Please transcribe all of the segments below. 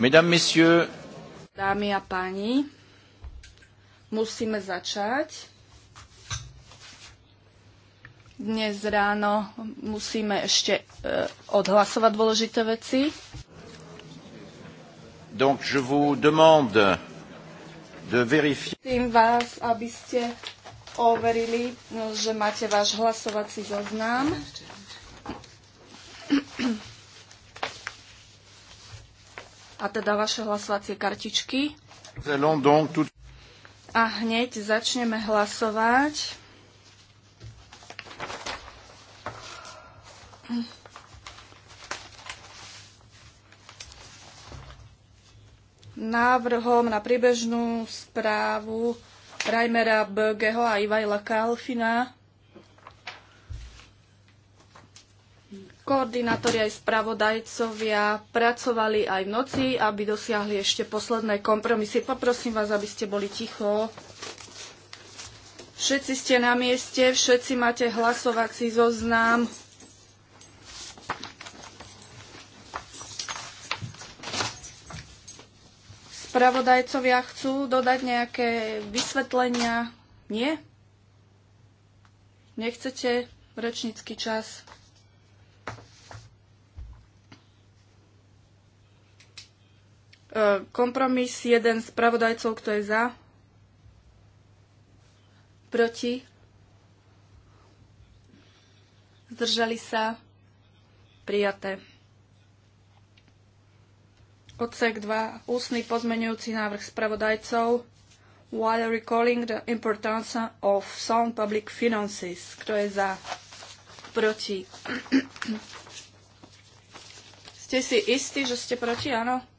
Mesdames, Messieurs, Dámy a páni, musíme začať. Dnes ráno musíme ešte eh, odhlasovať dôležité veci. Donc je vous demande de vérifier. Tým vás, aby ste overili, no, že máte váš hlasovací zoznam. a teda vaše hlasovacie kartičky. A hneď začneme hlasovať. Návrhom na príbežnú správu Reimera Bögeho a Ivajla Kalfina koordinátori aj spravodajcovia pracovali aj v noci, aby dosiahli ešte posledné kompromisy. Poprosím vás, aby ste boli ticho. Všetci ste na mieste, všetci máte hlasovací zoznam. Spravodajcovia chcú dodať nejaké vysvetlenia? Nie? Nechcete rečnícky čas? E, kompromis jeden z pravodajcov, kto je za? Proti? Zdržali sa? Prijaté. Odsek 2. Ústny pozmenujúci návrh spravodajcov while recalling the importance of sound public finances. Kto je za? Proti? ste si istí, že ste proti? Áno?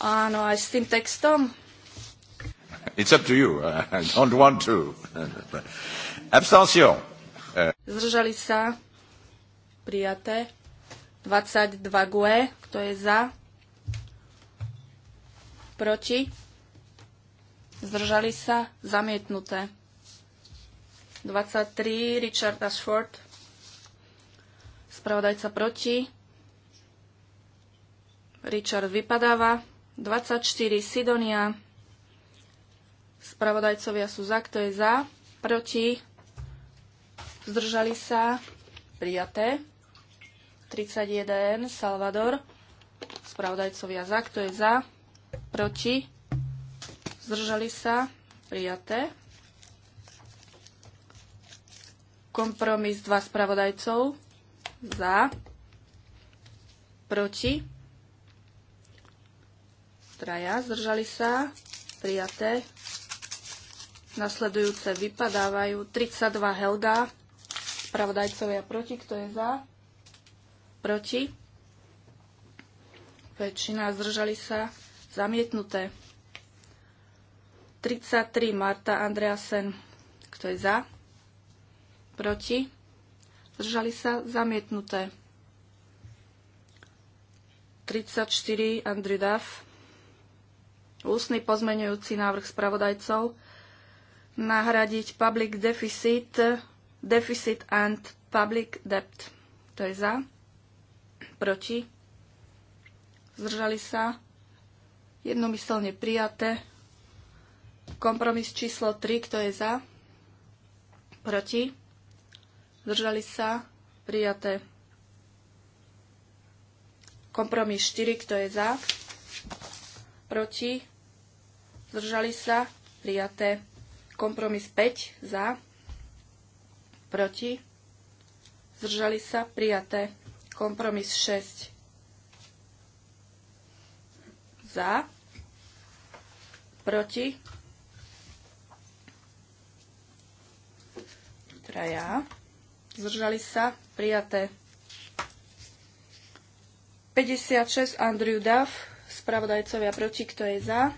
Áno, aj s tým textom? It's up to you. I don't want to. Abstention. Zdržali sa. Prijaté. 22 GUE. Kto je za? Proti? Zdržali sa. Zamietnuté. 23 Richard Ashford. Spravodajca proti. Richard vypadáva. 24 Sidonia. Spravodajcovia sú za, kto je za, proti, zdržali sa, prijaté. 31 Salvador. Spravodajcovia za, kto je za, proti, zdržali sa, prijaté. Kompromis 2 spravodajcov za, proti, traja, zdržali sa, prijaté. Nasledujúce vypadávajú 32 Helda, spravodajcovia proti, kto je za, proti. Väčšina zdržali sa, zamietnuté. 33 Marta Andreasen, kto je za, proti. Zdržali sa, zamietnuté. 34 Andri Duff, ústny pozmenujúci návrh spravodajcov nahradiť public deficit, deficit and public debt. To je za, proti, zdržali sa, jednomyselne prijaté. Kompromis číslo 3, kto je za, proti, zdržali sa, prijaté. Kompromis 4, kto je za, proti, zdržali sa, prijaté. Kompromis 5 za, proti, zdržali sa, prijaté. Kompromis 6 za, proti, traja, zdržali sa, prijaté. 56 Andrew Duff, spravodajcovia proti, kto je za,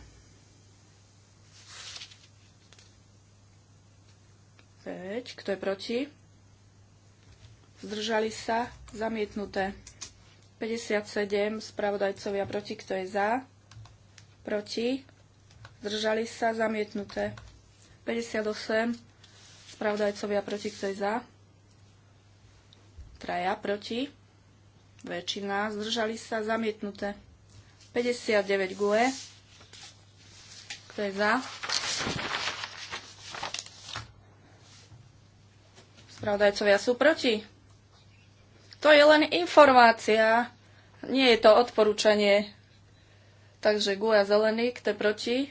5. Kto je proti? Zdržali sa? Zamietnuté. 57. Spravodajcovia proti. Kto je za? Proti. Zdržali sa? Zamietnuté. 58. Spravodajcovia proti. Kto je za? Traja proti. Väčšina. Zdržali sa? Zamietnuté. 59. GUE. Kto je za? Spravodajcovia sú proti. To je len informácia, nie je to odporúčanie. Takže Guja zelený, kto proti?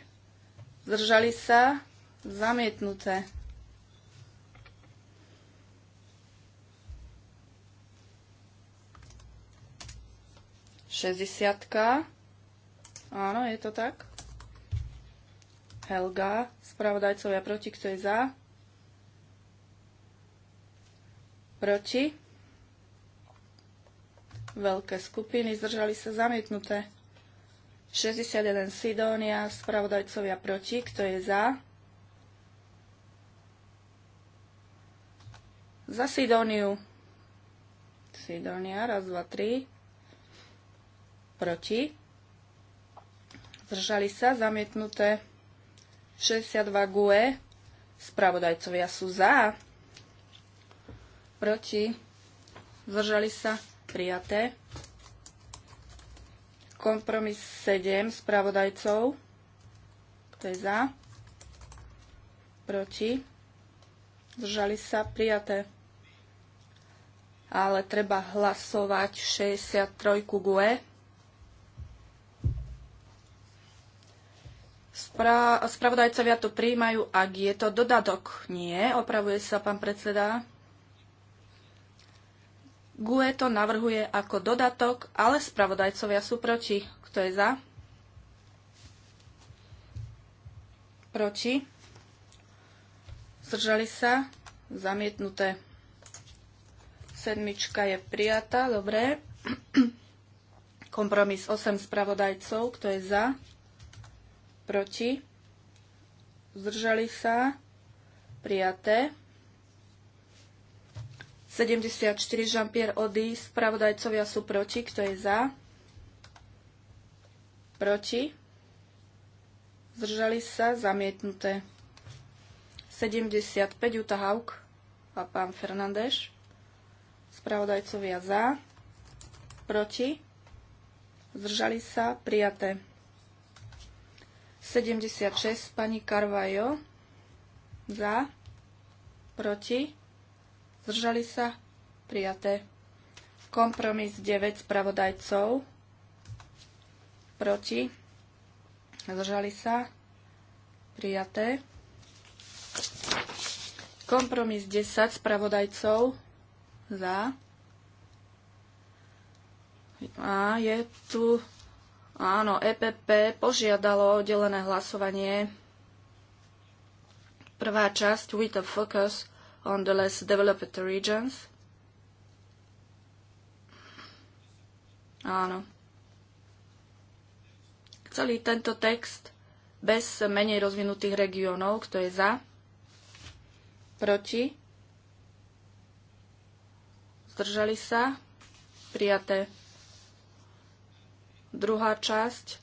Zdržali sa? Zamietnuté. Šesťdesiatka. Áno, je to tak. Helga, spravodajcovia proti, kto je za? proti, veľké skupiny, zdržali sa zamietnuté. 61 Sidónia, spravodajcovia proti, kto je za? Za Sidóniu. Sidónia, raz, dva, tri. Proti. Zdržali sa, zamietnuté. 62 GUE, spravodajcovia sú za proti, zdržali sa prijaté. Kompromis 7 spravodajcov, kto je za, proti, zdržali sa prijaté. Ale treba hlasovať 63 GUE. spravodajcovia to príjmajú, ak je to dodatok. Nie, opravuje sa pán predseda. GUE to navrhuje ako dodatok, ale spravodajcovia sú proti. Kto je za? Proti? Zdržali sa? Zamietnuté. Sedmička je prijatá, dobre. Kompromis 8 spravodajcov, kto je za? Proti? Zdržali sa? Prijaté. 74 Jean-Pierre Ody, spravodajcovia sú proti, kto je za? Proti? Zdržali sa, zamietnuté. 75 Juta Hauk a pán Fernández, spravodajcovia za, proti, zdržali sa, prijaté. 76 pani Carvajo, za, proti, Zdržali sa? Prijaté. Kompromis 9 spravodajcov. Proti. Zdržali sa? Prijaté. Kompromis 10 spravodajcov. Za. A je tu... Áno, EPP požiadalo oddelené hlasovanie. Prvá časť, with a focus, on the less developed regions. Áno. Celý tento text bez menej rozvinutých regiónov, kto je za, proti, zdržali sa, prijaté. Druhá časť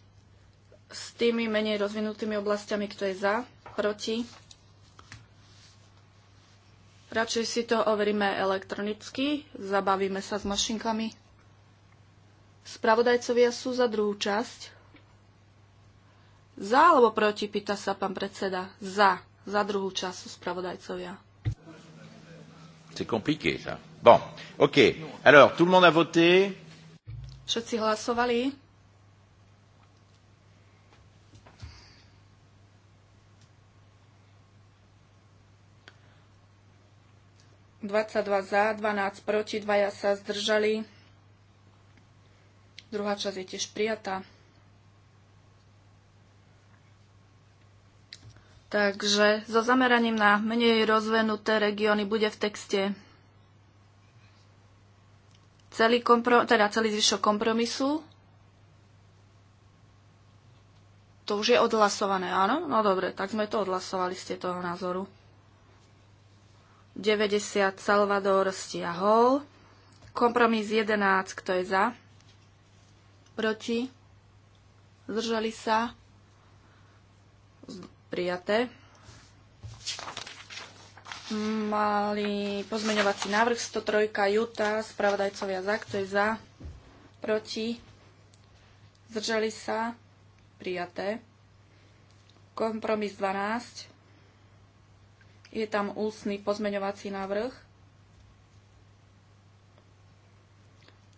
s tými menej rozvinutými oblastiami, kto je za, proti, Radšej si to overíme elektronicky, zabavíme sa s mašinkami. Spravodajcovia sú za druhú časť. Za alebo proti, pýta sa pán predseda. Za. Za druhú časť sú spravodajcovia. C'est compliqué, ça. Bon, ok. Alors, tout le monde a voté. Všetci hlasovali. 22 za, 12 proti, 2 sa zdržali. Druhá časť je tiež prijatá. Takže so zameraním na menej rozvenuté regióny bude v texte celý, komprom- teda celý zvyšok kompromisu. To už je odhlasované, áno? No dobre, tak sme to odhlasovali z toho názoru. 90 Salvador stiahol. Kompromis 11, kto je za? Proti? Zdržali sa? Prijaté. Mali pozmeňovací návrh 103 Juta, spravodajcovia za, kto je za? Proti? Zdržali sa? Prijaté. Kompromis 12. Je tam ústny pozmeňovací návrh.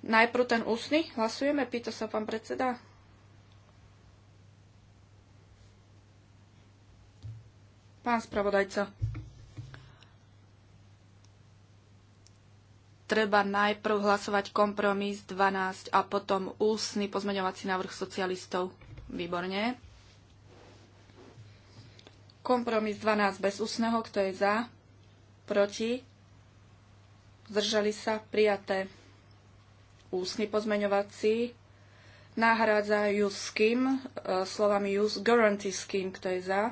Najprv ten ústny? Hlasujeme? Pýta sa pán predseda. Pán spravodajca. Treba najprv hlasovať kompromis 12 a potom ústny pozmeňovací návrh socialistov. Výborne. Kompromis 12 bez úsneho, kto je za, proti, zdržali sa, prijaté. úsny pozmeňovací náhradza use scheme slovami use guarantee scheme, kto je za,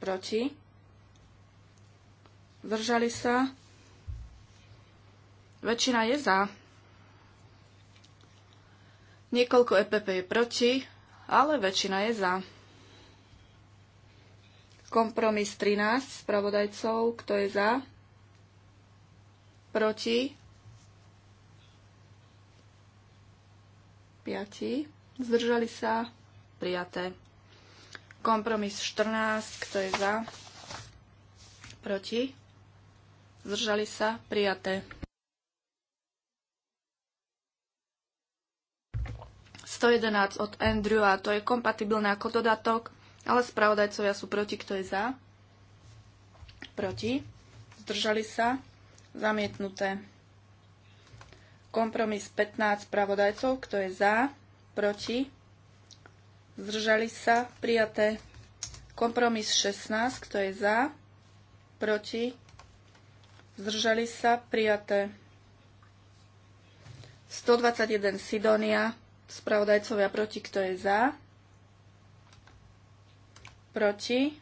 proti. Zdržali sa. Väčšina je za. Niekoľko EPP je proti, ale väčšina je za. Kompromis 13 spravodajcov, kto je za? Proti? 5. Zdržali sa? Prijaté. Kompromis 14, kto je za? Proti? Zdržali sa? Prijaté. 111 od Andrew a to je kompatibilné ako dodatok, ale spravodajcovia sú proti, kto je za. Proti. Zdržali sa. Zamietnuté. Kompromis 15 spravodajcov, kto je za. Proti. Zdržali sa. Prijaté. Kompromis 16, kto je za. Proti. Zdržali sa. Prijaté. 121 Sidonia Spravodajcovia proti, kto je za? Proti?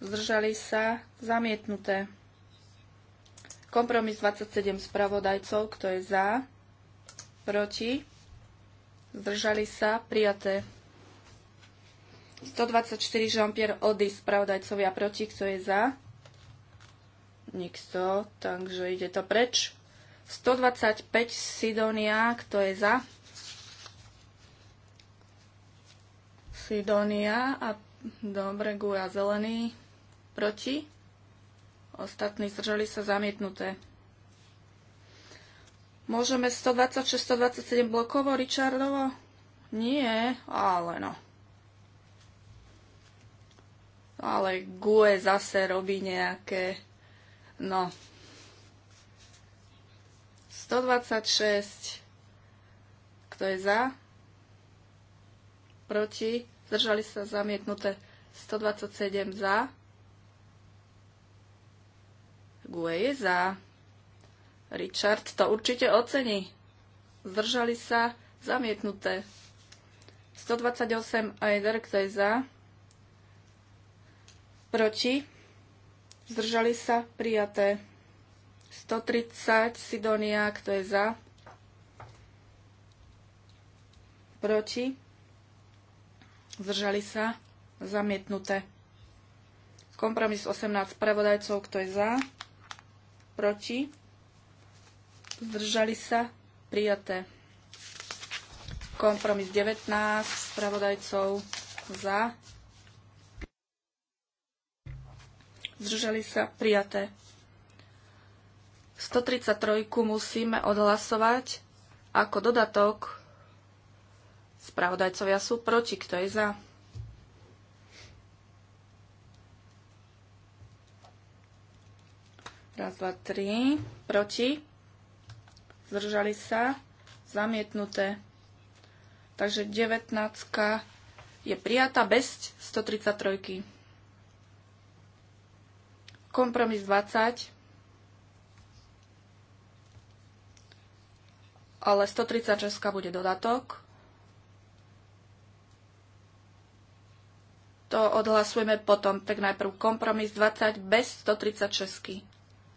Zdržali sa? Zamietnuté. Kompromis 27 spravodajcov, kto je za? Proti? Zdržali sa? Prijaté. 124 Jean-Pierre Ody, spravodajcovia proti, kto je za? Nikto, takže ide to preč. 125 Sidonia, kto je za? Sidonia a bregu a zelený proti. Ostatní zdržali sa zamietnuté. Môžeme 126, 127 blokovo, Richardovo? Nie, ale no. Ale GUE zase robí nejaké... No. 126. Kto je za? Proti? zdržali sa zamietnuté 127 za, Gue je za, Richard to určite ocení, zdržali sa zamietnuté 128 Eider, kto je za, proti, zdržali sa prijaté 130 Sidonia, kto je za, proti, zdržali sa, zamietnuté. Kompromis 18 spravodajcov, kto je za, proti, zdržali sa, prijaté. Kompromis 19 spravodajcov, za, zdržali sa, prijaté. 133 musíme odhlasovať ako dodatok Spravodajcovia sú proti. Kto je za? Raz, dva, tri. Proti. Zdržali sa. Zamietnuté. Takže 19 je prijatá bez 133. Kompromis 20. Ale 136 bude dodatok. to odhlasujeme potom. Tak najprv kompromis 20 bez 136.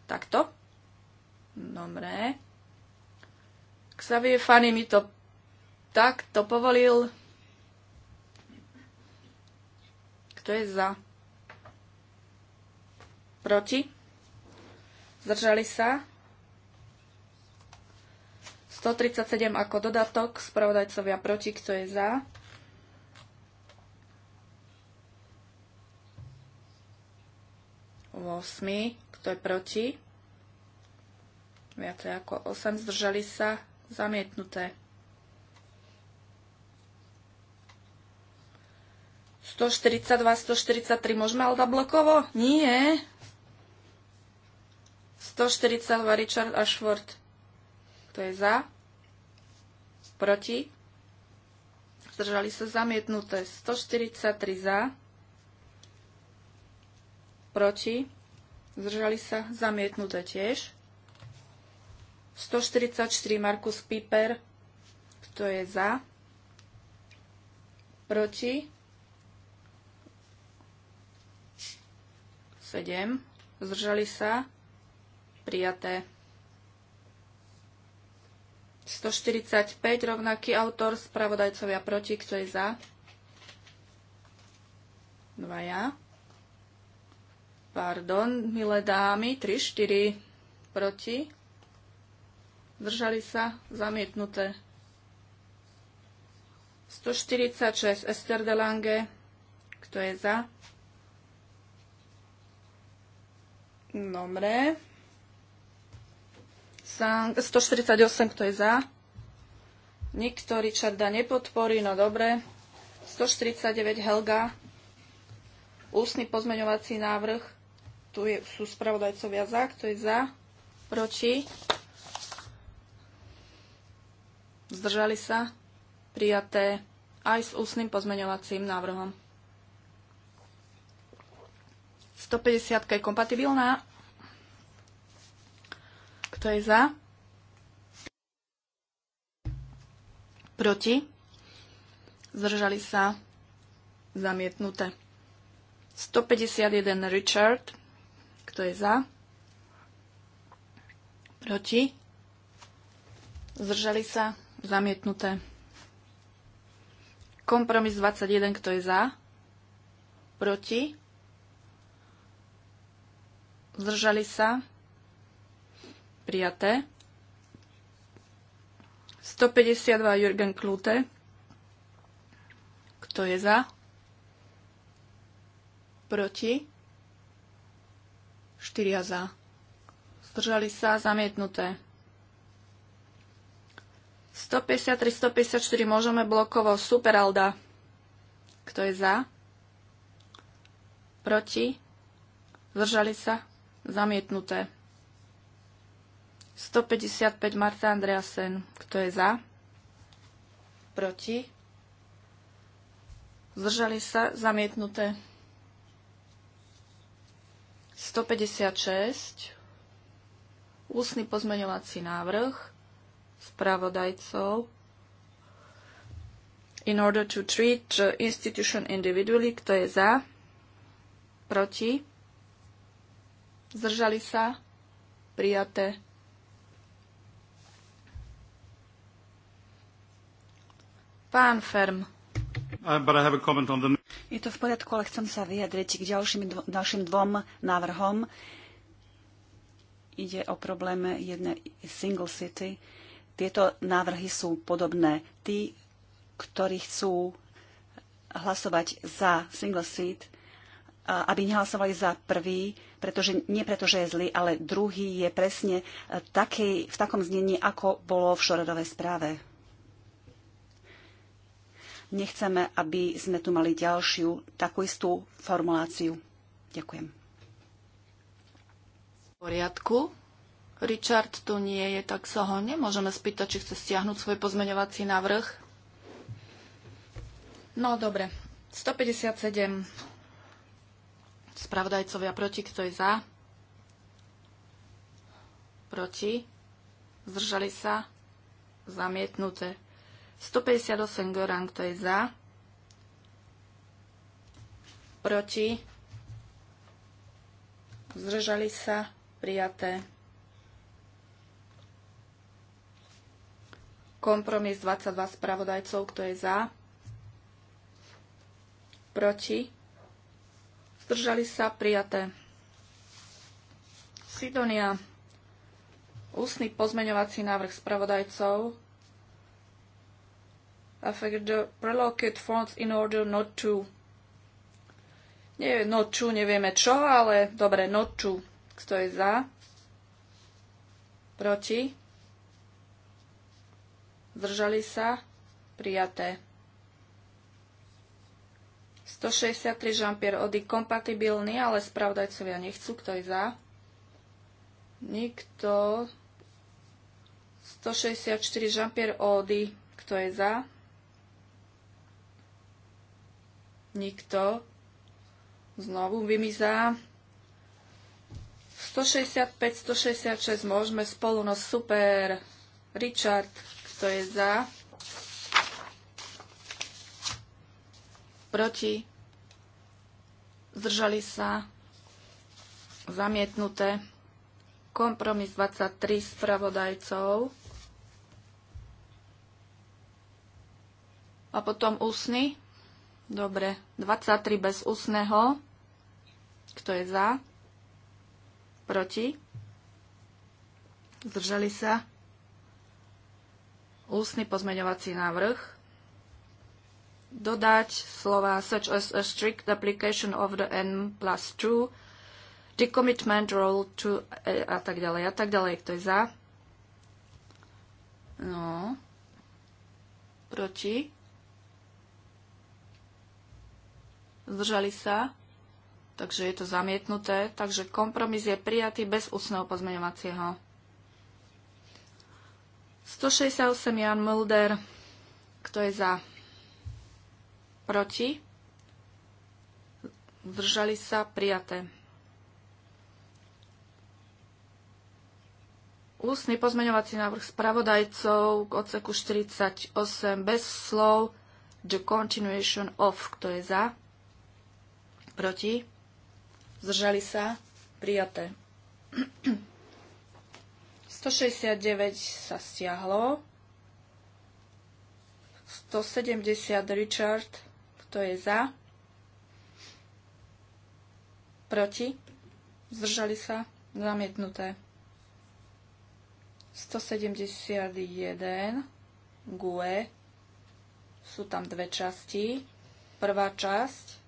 Takto? Dobre. Xavier Fanny mi to takto povolil. Kto je za? Proti? Zdržali sa? 137 ako dodatok, spravodajcovia proti, kto je za? 8, Kto je proti? Viacej ako 8. Zdržali sa? Zamietnuté. 142, 143 môžeme Alda blokovo? Nie. 142 Richard Ashford. Kto je za? Proti? Zdržali sa zamietnuté. 143 za proti, zdržali sa zamietnuté tiež. 144 Markus Piper, kto je za, proti, 7, zdržali sa, prijaté. 145, rovnaký autor, spravodajcovia proti, kto je za? ja. Pardon, milé dámy, 3, 4 proti. Držali sa zamietnuté. 146 Ester de Lange. Kto je za? Dobre. 148, kto je za? Nikto Richarda nepodporí, no dobre. 149 Helga. Ústny pozmeňovací návrh tu je, sú spravodajcovia za. Kto je za? Proti? Zdržali sa? Prijaté aj s ústnym pozmeňovacím návrhom. 150 je kompatibilná. Kto je za? Proti? Zdržali sa? Zamietnuté. 151 Richard. Kto je za? Proti? Zdržali sa? Zamietnuté. Kompromis 21. Kto je za? Proti? Zdržali sa? Prijaté. 152 Jürgen Klute. Kto je za? Proti? 4 za. Zdržali sa zamietnuté. 153, 154 môžeme blokovo. Super Alda. Kto je za? Proti? Zdržali sa? Zamietnuté. 155 Marta Andreasen. Kto je za? Proti? Zdržali sa? Zamietnuté. 156. Ústny pozmeňovací návrh spravodajcov in order to treat the institution individually, kto je za, proti, zdržali sa, prijaté. Pán Ferm. Uh, but I have a comment on the... Je to v poriadku, ale chcem sa vyjadriť k ďalším, dvo, ďalším dvom návrhom. Ide o problém jednej single city. Tieto návrhy sú podobné. Tí, ktorí chcú hlasovať za single seat, aby nehlasovali za prvý, pretože, nie preto, že je zlý, ale druhý je presne taký, v takom znení, ako bolo v Šorodovej správe. Nechceme, aby sme tu mali ďalšiu takú istú formuláciu. Ďakujem. V poriadku. Richard tu nie je, tak sa ho nemôžeme spýtať, či chce stiahnuť svoj pozmeňovací návrh. No dobre, 157 spravodajcovia proti, kto je za? Proti? Zdržali sa? Zamietnuté. 158 gorán, kto je za? Proti? Zdržali sa? Prijaté. Kompromis 22 spravodajcov, kto je za? Proti? Zdržali sa? Prijaté. Sidonia. Ústny pozmeňovací návrh spravodajcov affect prelocate funds in order not to. Nie, not to, nevieme čo, ale dobre, not to. Kto je za? Proti? Zdržali sa? Prijaté. 163 žampier pierre Ody kompatibilný, ale spravdajcovia nechcú. Kto je za? Nikto. 164 Kto je za? Kto je za? nikto. Znovu vymizá. 165, 166 môžeme spolu, no super. Richard, kto je za? Proti? Zdržali sa? Zamietnuté. Kompromis 23 spravodajcov. A potom úsny. Dobre, 23 bez úsneho. Kto je za? Proti? Zdržali sa? Úsny pozmeňovací návrh. Dodať slova such as a strict application of the N plus 2, the commitment to e, a tak ďalej a tak ďalej. Kto je za? No. Proti? zdržali sa, takže je to zamietnuté, takže kompromis je prijatý bez ústneho pozmeňovacieho. 168 Jan Mulder, kto je za? Proti? Zdržali sa, prijaté. Ústny pozmeňovací návrh spravodajcov k odseku 48 bez slov the continuation of, kto je za? Proti? Zdržali sa? Prijaté. 169 sa stiahlo. 170 Richard, kto je za? Proti? Zdržali sa? Zamietnuté. 171 GUE. Sú tam dve časti. Prvá časť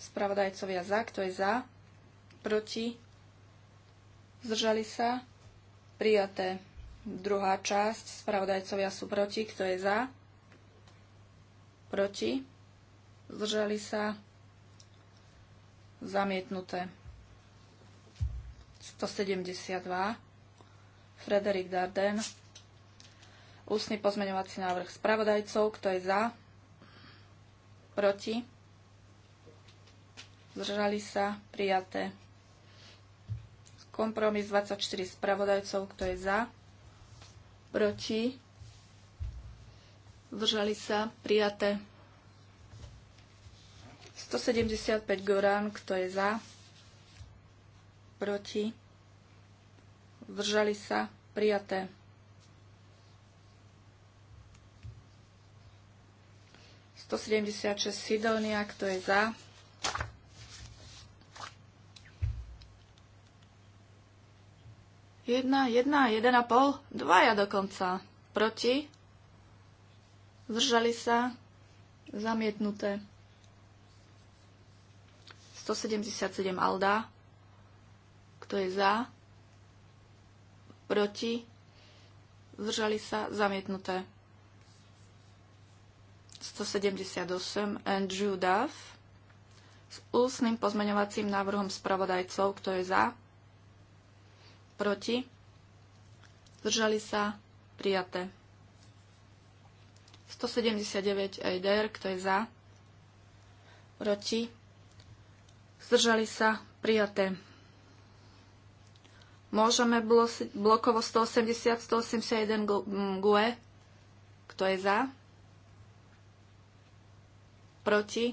Spravodajcovia za, kto je za, proti, zdržali sa, prijaté. Druhá časť, spravodajcovia sú proti, kto je za, proti, zdržali sa, zamietnuté. 172, Frederik Darden, ústny pozmeňovací návrh spravodajcov, kto je za, proti, zdržali sa, prijaté. Kompromis 24 spravodajcov, kto je za, proti, zdržali sa, prijaté. 175 Goran, kto je za, proti, zdržali sa, prijaté. 176 Sidonia, kto je za, Jedna, jedna, jeden a pol, dvaja dokonca. Proti? Zdržali sa? Zamietnuté. 177 Alda. Kto je za? Proti? Zdržali sa? Zamietnuté. 178 Andrew Duff s ústnym pozmeňovacím návrhom spravodajcov, kto je za, proti, zdržali sa, prijaté. 179 EIDR, kto je za, proti, zdržali sa, prijaté. Môžeme blokovo 180, 181 GUE, kto je za, proti,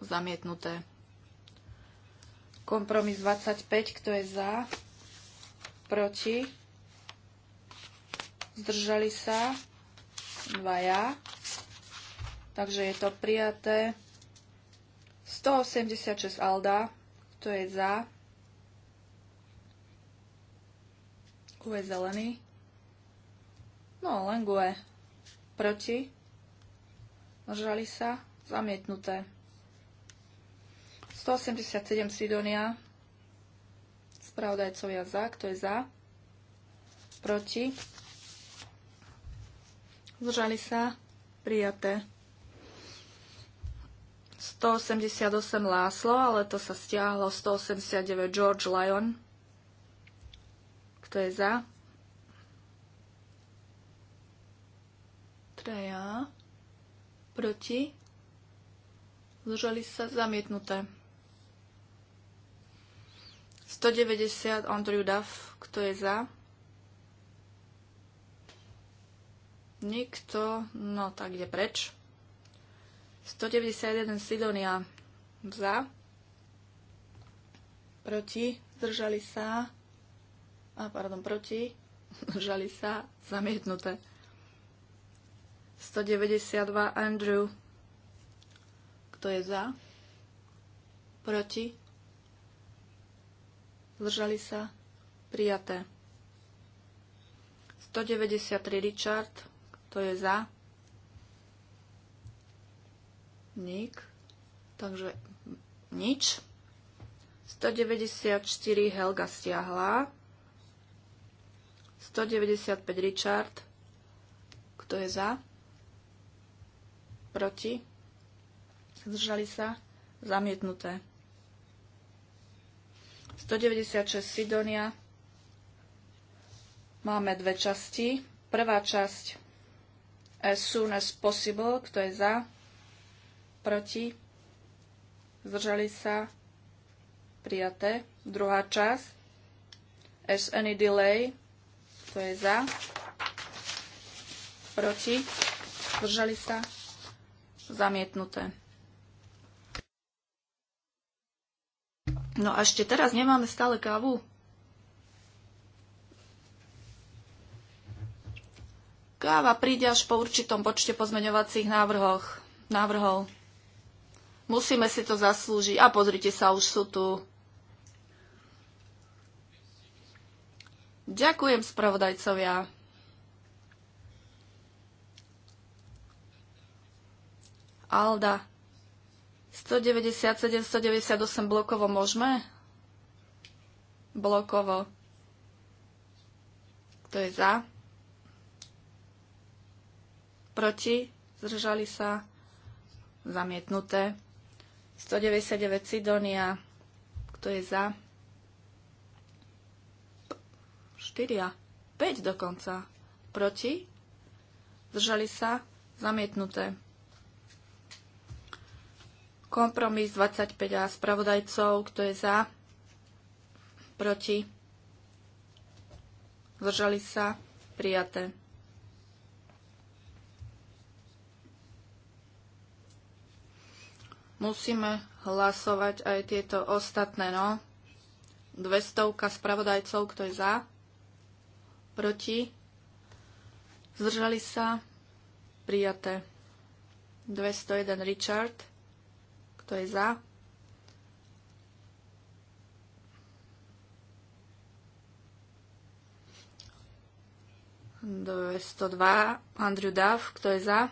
zamietnuté. Kompromis 25, kto je za? Proti? Zdržali sa? ja. Takže je to prijaté. 186 Alda, kto je za? Gue zelený. No, len Gue. Proti? Zdržali sa? Zamietnuté. 187 Sidonia. Spravodajcovia za. Kto je za? Proti? Zdržali sa? Prijaté. 188 Láslo, ale to sa stiahlo. 189 George Lyon. Kto je za? Treja. Proti? Zdržali sa? Zamietnuté. 190 Andrew Duff, kto je za? Nikto, no tak ide preč. 191 Sidonia za. Proti, zdržali sa. A pardon, proti, zdržali sa, zamietnuté. 192 Andrew. Kto je za? Proti, zdržali sa, prijaté. 193 Richard, to je za. Nik, takže nič. 194 Helga stiahla. 195 Richard, kto je za? Proti? Zdržali sa? Zamietnuté. 196 Sidonia. Máme dve časti. Prvá časť as soon as possible, kto je za, proti, zdržali sa, prijaté. Druhá časť as any delay, kto je za, proti, zdržali sa, zamietnuté. No a ešte teraz nemáme stále kávu. Káva príde až po určitom počte pozmeňovacích návrhoch, návrhov. Musíme si to zaslúžiť. A pozrite sa, už sú tu. Ďakujem spravodajcovia. Alda 197, 198 blokovo môžeme? Blokovo. Kto je za? Proti? Zdržali sa? Zamietnuté. 199 Sidonia. Kto je za? 4. 5 dokonca. Proti? Zdržali sa? Zamietnuté. Kompromis 25A spravodajcov, kto je za, proti, zdržali sa, prijaté. Musíme hlasovať aj tieto ostatné, no. 200 spravodajcov, kto je za, proti, zdržali sa, prijaté. 201 Richard, kto je za? Do 102. Andrew Duff, kto je za?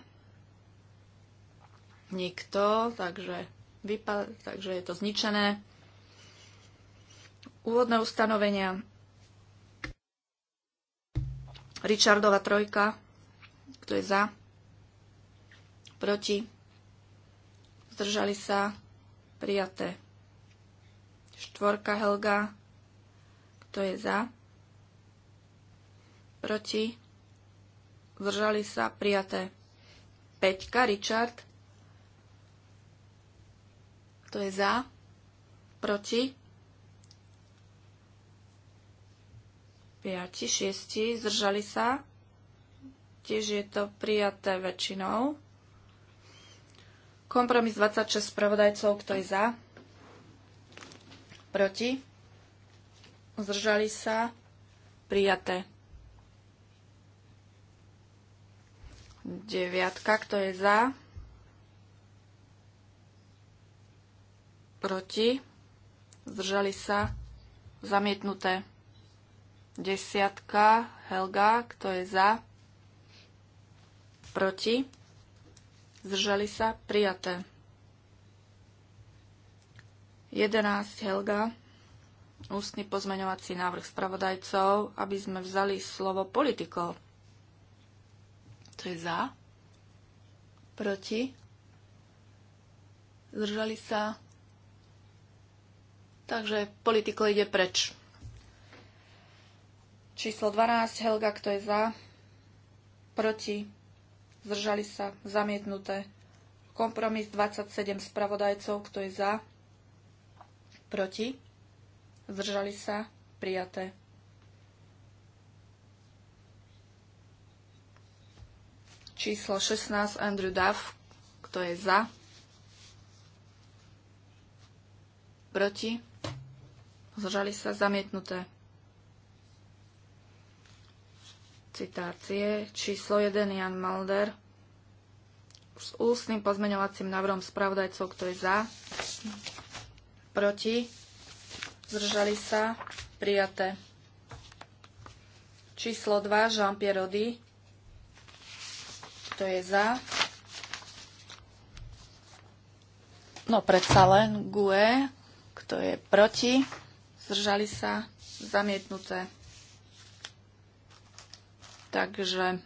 Nikto, takže, vypad, takže je to zničené. Úvodné ustanovenia. Richardova trojka. Kto je za? Proti? zdržali sa, prijaté. Štvorka Helga, kto je za, proti, zdržali sa, prijaté. Peťka Richard, kto je za, proti, piati, šiesti, zdržali sa, tiež je to prijaté väčšinou. Kompromis 26 spravodajcov, kto je za? Proti? Zdržali sa? Prijaté. Deviatka, kto je za? Proti? Zdržali sa? Zamietnuté. Desiatka, Helga, kto je za? Proti? zdržali sa, prijaté. 11. Helga, ústny pozmeňovací návrh spravodajcov, aby sme vzali slovo politikov. To je za, proti, zdržali sa, takže politiko ide preč. Číslo 12, Helga, kto je za, proti, zdržali sa, zamietnuté. Kompromis 27 spravodajcov, kto je za, proti, zdržali sa, prijaté. Číslo 16 Andrew Duff, kto je za, proti, zdržali sa, zamietnuté. citácie. Číslo 1 Jan Malder s ústnym pozmeňovacím návrhom spravodajcov, kto je za, proti, zdržali sa, prijaté. Číslo 2 Jean Pierody, kto je za, no predsa len GUE, kto je proti, zdržali sa, zamietnuté. Takže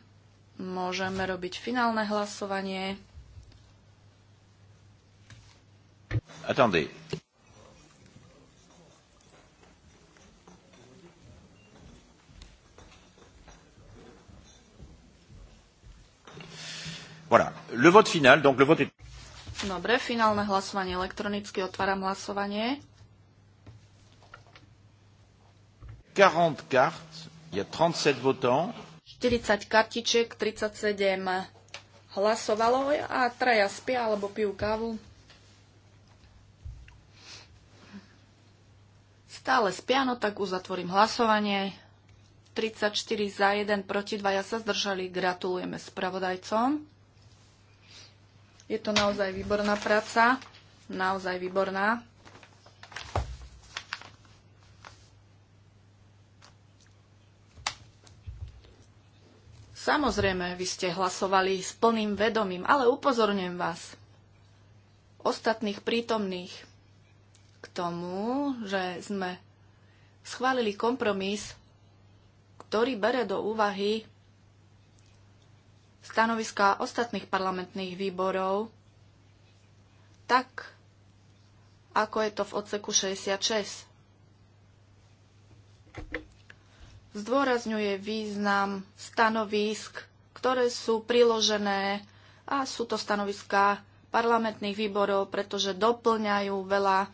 môžeme robiť finálne hlasovanie. Attendez. Voilà. Le vote final, donc le vote est... Dobre, finálne hlasovanie elektronicky. Otváram hlasovanie. 40 cartes, il y a 37 votants. 40 kartičiek, 37 hlasovalo a traja spia alebo pijú kávu. Stále spia, no tak uzatvorím hlasovanie. 34 za 1 proti 2 ja sa zdržali. Gratulujeme spravodajcom. Je to naozaj výborná práca. Naozaj výborná. Samozrejme, vy ste hlasovali s plným vedomím, ale upozorňujem vás, ostatných prítomných, k tomu, že sme schválili kompromis, ktorý bere do úvahy stanoviska ostatných parlamentných výborov, tak ako je to v odseku 66 zdôrazňuje význam stanovisk, ktoré sú priložené a sú to stanoviská parlamentných výborov, pretože doplňajú veľa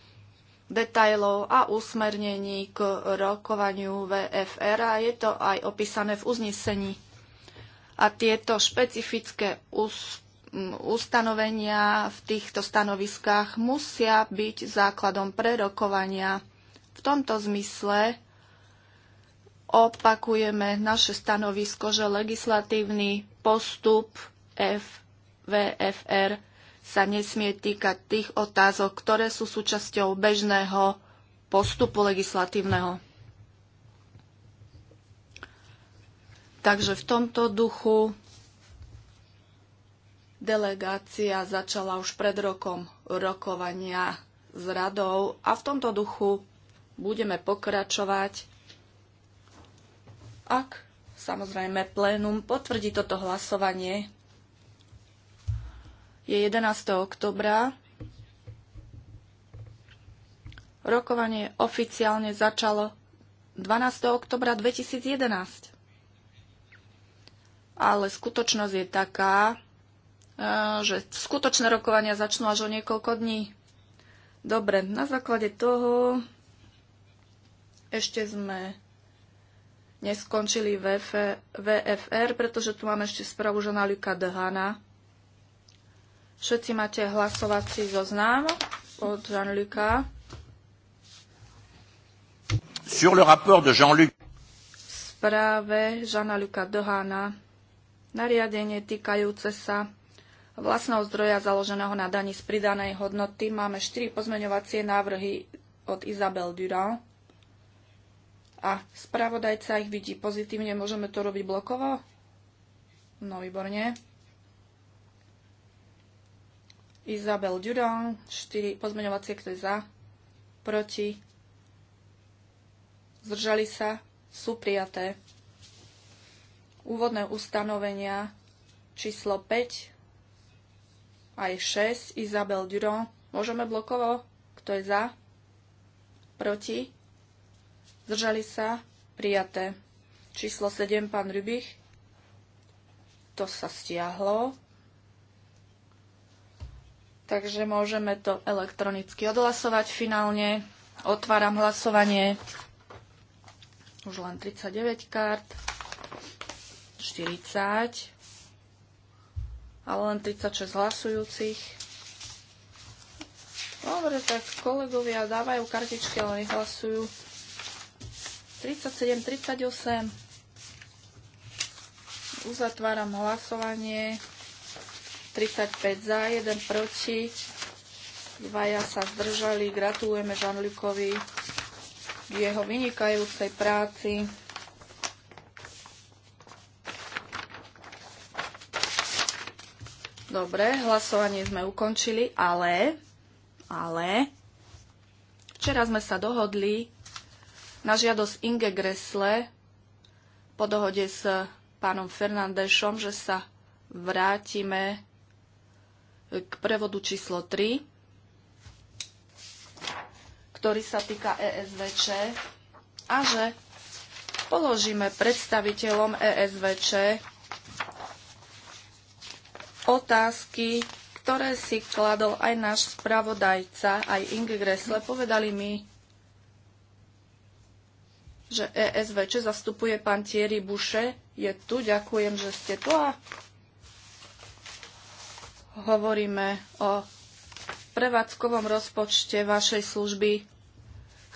detajlov a usmernení k rokovaniu VFR a je to aj opísané v uznesení. A tieto špecifické ustanovenia v týchto stanoviskách musia byť základom prerokovania. V tomto zmysle opakujeme naše stanovisko, že legislatívny postup FVFR sa nesmie týkať tých otázok, ktoré sú súčasťou bežného postupu legislatívneho. Takže v tomto duchu delegácia začala už pred rokom rokovania s radou a v tomto duchu budeme pokračovať ak samozrejme plénum potvrdí toto hlasovanie. Je 11. oktobra. Rokovanie oficiálne začalo 12. oktobra 2011. Ale skutočnosť je taká, e, že skutočné rokovania začnú až o niekoľko dní. Dobre, na základe toho ešte sme neskončili VFR, pretože tu máme ešte správu Žanalika Dehana. Všetci máte hlasovací zoznam od Žanlika. Sur le rapport de Jean-Luc. Správe Žana-Luka Dohána nariadenie týkajúce sa vlastného zdroja založeného na daní z pridanej hodnoty máme 4 pozmeňovacie návrhy od Isabel Durand a spravodajca ich vidí pozitívne, môžeme to robiť blokovo? No, výborne. Izabel Duron, 4 pozmeňovacie, kto je za, proti, zdržali sa, sú prijaté. Úvodné ustanovenia číslo 5 aj 6, Izabel Duron, môžeme blokovo, kto je za, proti, Zdržali sa? Prijaté. Číslo 7, pán Rybich. To sa stiahlo. Takže môžeme to elektronicky odhlasovať finálne. Otváram hlasovanie. Už len 39 kart. 40. Ale len 36 hlasujúcich. Dobre, tak kolegovia dávajú kartičky, ale nehlasujú. 37, 38. Uzatváram hlasovanie. 35 za, 1 proti. Dvaja sa zdržali. Gratulujeme Žanlikovi k jeho vynikajúcej práci. Dobre, hlasovanie sme ukončili, ale, ale včera sme sa dohodli, na žiadosť Inge Gressle po dohode s pánom Fernandešom, že sa vrátime k prevodu číslo 3, ktorý sa týka ESVČ a že položíme predstaviteľom ESVČ otázky, ktoré si kladol aj náš spravodajca, aj Inge Gressle, povedali mi, že ESVČ zastupuje pán Thierry Buše. Je tu, ďakujem, že ste tu a hovoríme o prevádzkovom rozpočte vašej služby.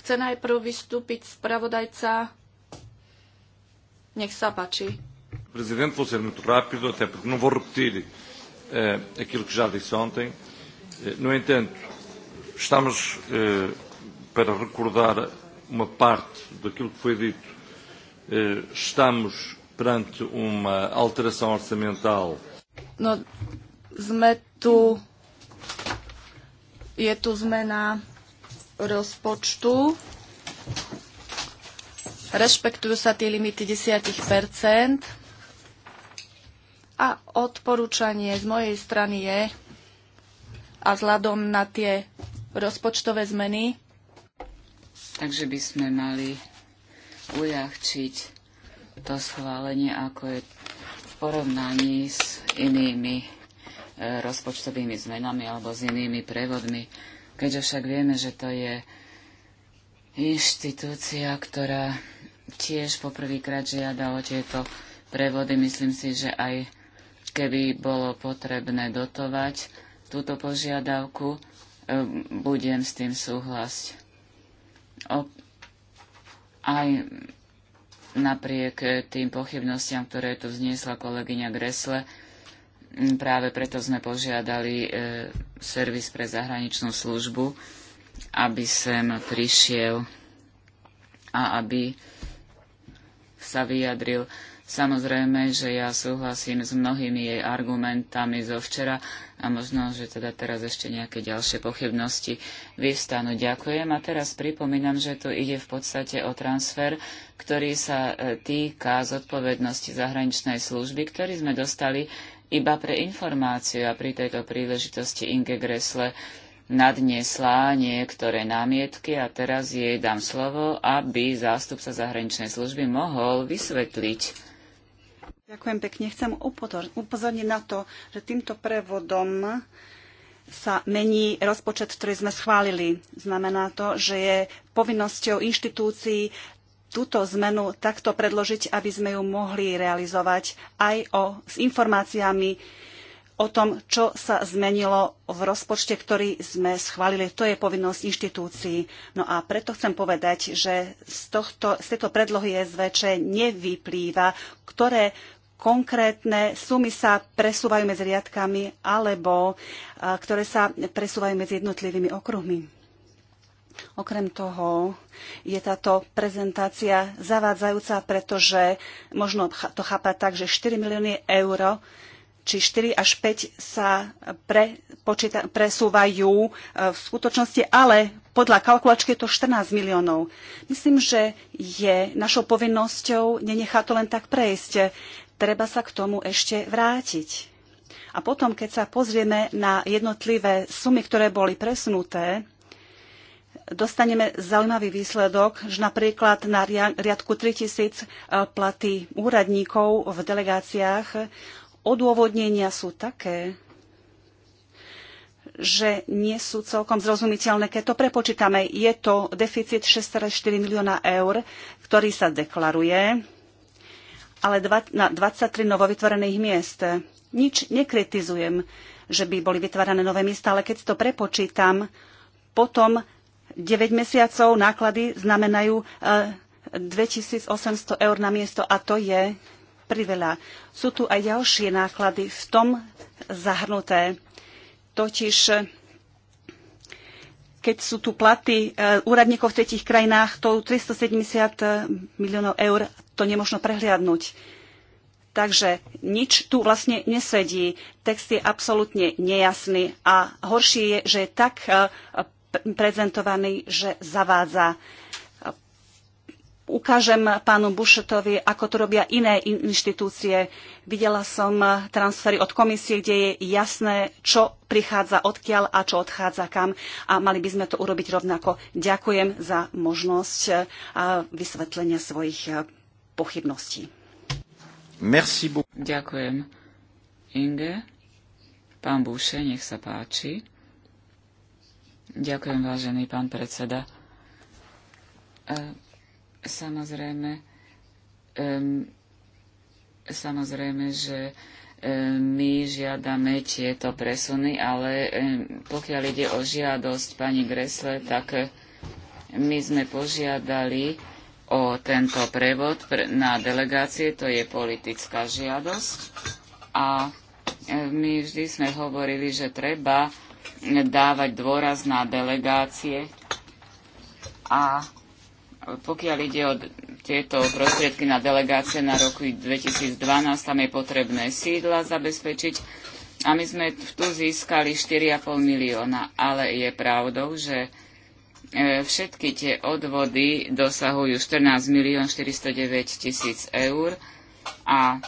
Chce najprv vystúpiť spravodajca. Nech sa páči. Prezident, vôžem ser rápido, até porque não vou repetir eh, aquilo que já disse ontem. Eh, no entanto, estamos eh, para recordar uma parte daquilo que foi dito, eh, estamos perante uma alteração orçamental. No, sme tu, je tu zmena rozpočtu. Rešpektujú sa tie limity 10 a odporúčanie z mojej strany je, a vzhľadom na tie rozpočtové zmeny, Takže by sme mali uľahčiť to schválenie, ako je v porovnaní s inými e, rozpočtovými zmenami alebo s inými prevodmi. Keďže však vieme, že to je inštitúcia, ktorá tiež poprvýkrát žiada o tieto prevody, myslím si, že aj keby bolo potrebné dotovať túto požiadavku, e, budem s tým súhlasť aj napriek tým pochybnostiam, ktoré tu vzniesla kolegyňa Gresle, práve preto sme požiadali e, servis pre zahraničnú službu, aby sem prišiel a aby sa vyjadril Samozrejme, že ja súhlasím s mnohými jej argumentami zo včera a možno, že teda teraz ešte nejaké ďalšie pochybnosti vyvstanú. Ďakujem a teraz pripomínam, že tu ide v podstate o transfer, ktorý sa e, týka zodpovednosti zahraničnej služby, ktorý sme dostali iba pre informáciu a pri tejto príležitosti Inge Gressle nadnesla niektoré námietky a teraz jej dám slovo, aby zástupca zahraničnej služby mohol vysvetliť Ďakujem pekne. Chcem upozorniť na to, že týmto prevodom sa mení rozpočet, ktorý sme schválili. Znamená to, že je povinnosťou inštitúcií túto zmenu takto predložiť, aby sme ju mohli realizovať aj o, s informáciami o tom, čo sa zmenilo v rozpočte, ktorý sme schválili. To je povinnosť inštitúcií. No a preto chcem povedať, že z, tohto, z tejto predlohy SVČ nevyplýva, ktoré konkrétne sumy sa presúvajú medzi riadkami alebo ktoré sa presúvajú medzi jednotlivými okruhmi. Okrem toho je táto prezentácia zavádzajúca, pretože možno to chápať tak, že 4 milióny eur či 4 až 5 sa pre, počíta, presúvajú e, v skutočnosti, ale podľa kalkulačky je to 14 miliónov. Myslím, že je našou povinnosťou nenechať to len tak prejsť. Treba sa k tomu ešte vrátiť. A potom, keď sa pozrieme na jednotlivé sumy, ktoré boli presunuté, dostaneme zaujímavý výsledok, že napríklad na riadku 3000 e, platy úradníkov v delegáciách odôvodnenia sú také, že nie sú celkom zrozumiteľné. Keď to prepočítame, je to deficit 6,4 milióna eur, ktorý sa deklaruje ale na 23 novovytvorených miest. Nič nekritizujem, že by boli vytvárané nové miesta, ale keď to prepočítam, potom 9 mesiacov náklady znamenajú 2800 eh, eur na miesto a to je priveľa. Sú tu aj ďalšie náklady v tom zahrnuté. Totiž keď sú tu platy eh, úradníkov v tretich krajinách, to 370 eh, miliónov eur to nemožno prehliadnúť. Takže nič tu vlastne nesedí. Text je absolútne nejasný a horšie je, že je tak e, prezentovaný, že zavádza. E, ukážem pánu Bušetovi, ako to robia iné inštitúcie. Videla som e, transfery od komisie, kde je jasné, čo prichádza odkiaľ a čo odchádza kam. A mali by sme to urobiť rovnako. Ďakujem za možnosť vysvetlenia svojich pochybností. Merci beaucoup. Ďakujem. Inge, pán Búše, nech sa páči. Ďakujem, vážený pán predseda. E, samozrejme, e, samozrejme, že e, my žiadame tieto presuny, ale e, pokiaľ ide o žiadosť pani Gresle, tak e, my sme požiadali o tento prevod na delegácie, to je politická žiadosť. A e, my vždy sme hovorili, že treba dávať dôraz na delegácie a pokiaľ ide o tieto prostriedky na delegácie na roku 2012, tam je potrebné sídla zabezpečiť a my sme tu získali 4,5 milióna, ale je pravdou, že E, všetky tie odvody dosahujú 14 milión 409 tisíc eur a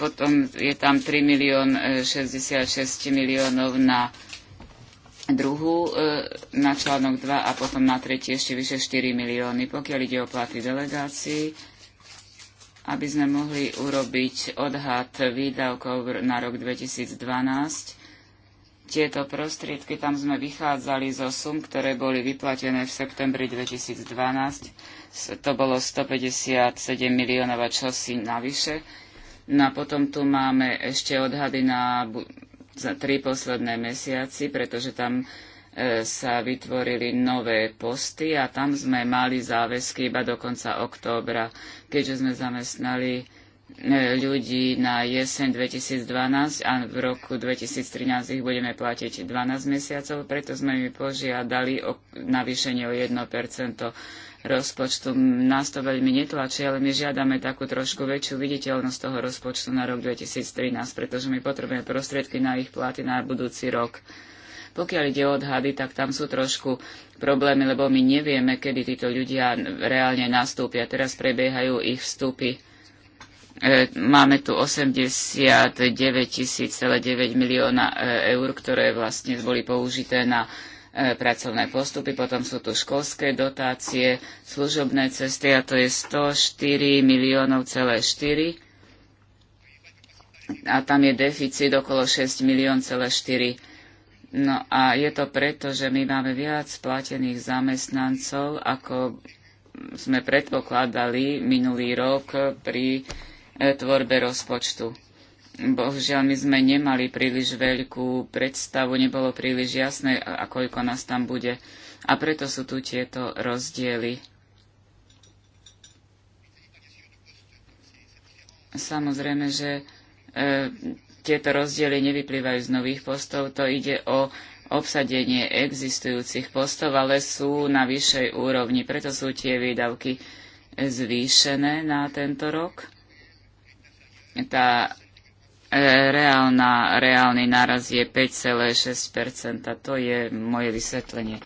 potom je tam 3 milión 66 e, miliónov na druhú, e, na článok 2 a potom na tretie ešte vyše 4 milióny. Pokiaľ ide o platy delegácií, aby sme mohli urobiť odhad výdavkov na rok 2012, tieto prostriedky, tam sme vychádzali zo sum, ktoré boli vyplatené v septembri 2012. To bolo 157 miliónov a čosi navyše. No a potom tu máme ešte odhady na za tri posledné mesiaci, pretože tam e, sa vytvorili nové posty a tam sme mali záväzky iba do konca októbra, keďže sme zamestnali E, ľudí na jeseň 2012 a v roku 2013 ich budeme platiť 12 mesiacov, preto sme mi požiadali o navýšenie o 1% rozpočtu. Nás to veľmi netlačí, ale my žiadame takú trošku väčšiu viditeľnosť toho rozpočtu na rok 2013, pretože my potrebujeme prostriedky na ich platy na budúci rok. Pokiaľ ide o odhady, tak tam sú trošku problémy, lebo my nevieme, kedy títo ľudia reálne nastúpia. Teraz prebiehajú ich vstupy E, máme tu 89 9 milióna e, eur, ktoré vlastne boli použité na e, pracovné postupy, potom sú tu školské dotácie, služobné cesty a to je 104 miliónov celé 4 a tam je deficit okolo 6 milión celé 4. No a je to preto, že my máme viac platených zamestnancov, ako sme predpokladali minulý rok pri tvorbe rozpočtu. Bohužiaľ, my sme nemali príliš veľkú predstavu, nebolo príliš jasné, a koľko nás tam bude. A preto sú tu tieto rozdiely. Samozrejme, že e, tieto rozdiely nevyplývajú z nových postov, to ide o obsadenie existujúcich postov, ale sú na vyššej úrovni. Preto sú tie výdavky zvýšené na tento rok tá e, reálna, reálny náraz je 5,6%. To je moje vysvetlenie.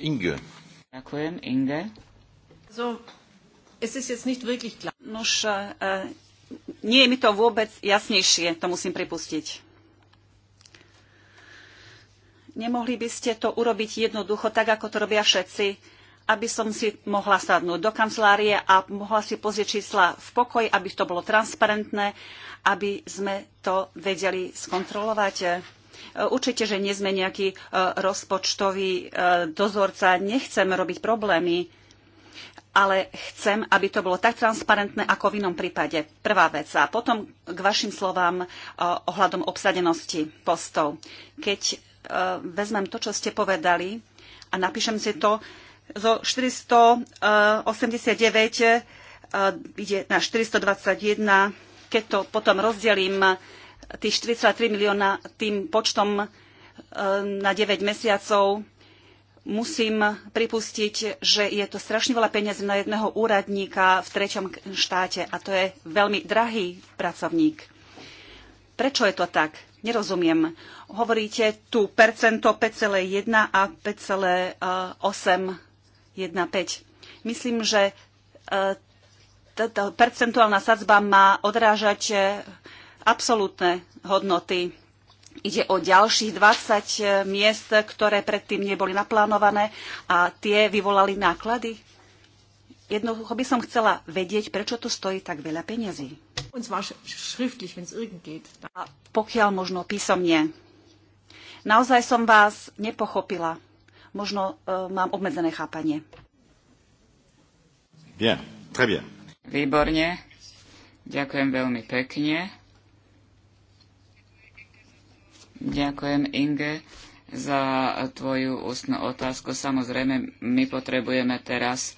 Inge. Ďakujem, Inge. So, es ist jetzt nicht wirklich klar. Nož, uh, nie je mi to vôbec jasnejšie, to musím pripustiť. Nemohli by ste to urobiť jednoducho, tak ako to robia všetci aby som si mohla sadnúť do kancelárie a mohla si pozrieť čísla v pokoji, aby to bolo transparentné, aby sme to vedeli skontrolovať. E, určite, že nie sme nejaký e, rozpočtový e, dozorca, nechcem robiť problémy, ale chcem, aby to bolo tak transparentné, ako v inom prípade. Prvá vec. A potom k vašim slovám ohľadom obsadenosti postov. Keď vezmem to, čo ste povedali a napíšem si to, zo 489 eh, eh, ide na 421. Keď to potom rozdelím tých 43 milióna tým počtom eh, na 9 mesiacov, musím pripustiť, že je to strašne veľa peniaz na jedného úradníka v treťom štáte a to je veľmi drahý pracovník. Prečo je to tak? Nerozumiem. Hovoríte tu percento 5,1 a 5,8 1,5. Myslím, že e, táto percentuálna sadzba má odrážať e, absolútne hodnoty. Ide o ďalších 20 e, miest, ktoré predtým neboli naplánované a tie vyvolali náklady. Jednoducho by som chcela vedieť, prečo to stojí tak veľa peniazy. A pokiaľ možno písomne. Naozaj som vás nepochopila možno e, mám obmedzené chápanie. Bien, très bien. Výborne. Ďakujem veľmi pekne. Ďakujem, Inge, za tvoju ústnu otázku. Samozrejme, my potrebujeme teraz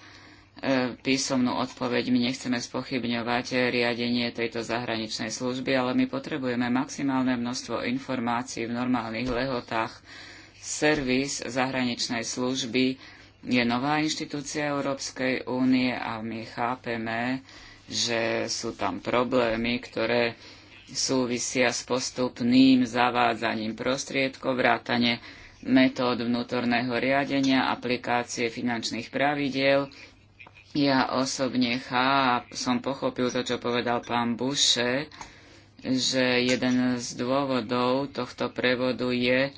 e, písomnú odpoveď. My nechceme spochybňovať e, riadenie tejto zahraničnej služby, ale my potrebujeme maximálne množstvo informácií v normálnych lehotách servis zahraničnej služby je nová inštitúcia Európskej únie a my chápeme, že sú tam problémy, ktoré súvisia s postupným zavádzaním prostriedkov, vrátane metód vnútorného riadenia, aplikácie finančných pravidiel. Ja osobne cháp, som pochopil to, čo povedal pán Buše, že jeden z dôvodov tohto prevodu je,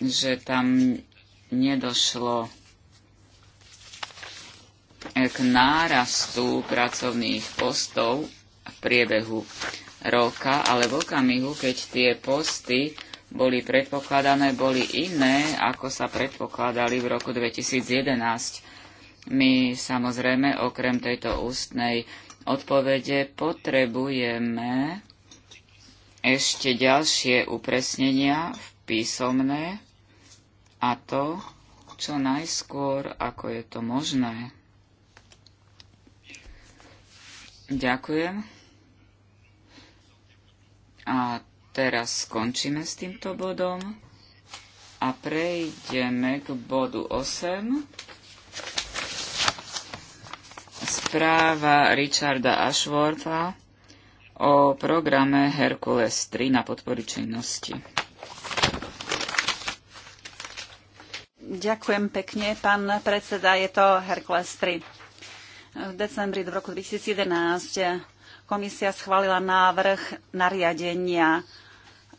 že tam nedošlo k nárastu pracovných postov v priebehu roka, ale v okamihu, keď tie posty boli predpokladané, boli iné, ako sa predpokladali v roku 2011. My samozrejme, okrem tejto ústnej odpovede, potrebujeme ešte ďalšie upresnenia v písomné a to čo najskôr, ako je to možné. Ďakujem. A teraz skončíme s týmto bodom a prejdeme k bodu 8 správa Richarda Ashwortha o programe Hercules 3 na podporu činnosti. Ďakujem pekne, pán predseda. Je to Herkules 3. V decembri do roku 2011 komisia schválila návrh nariadenia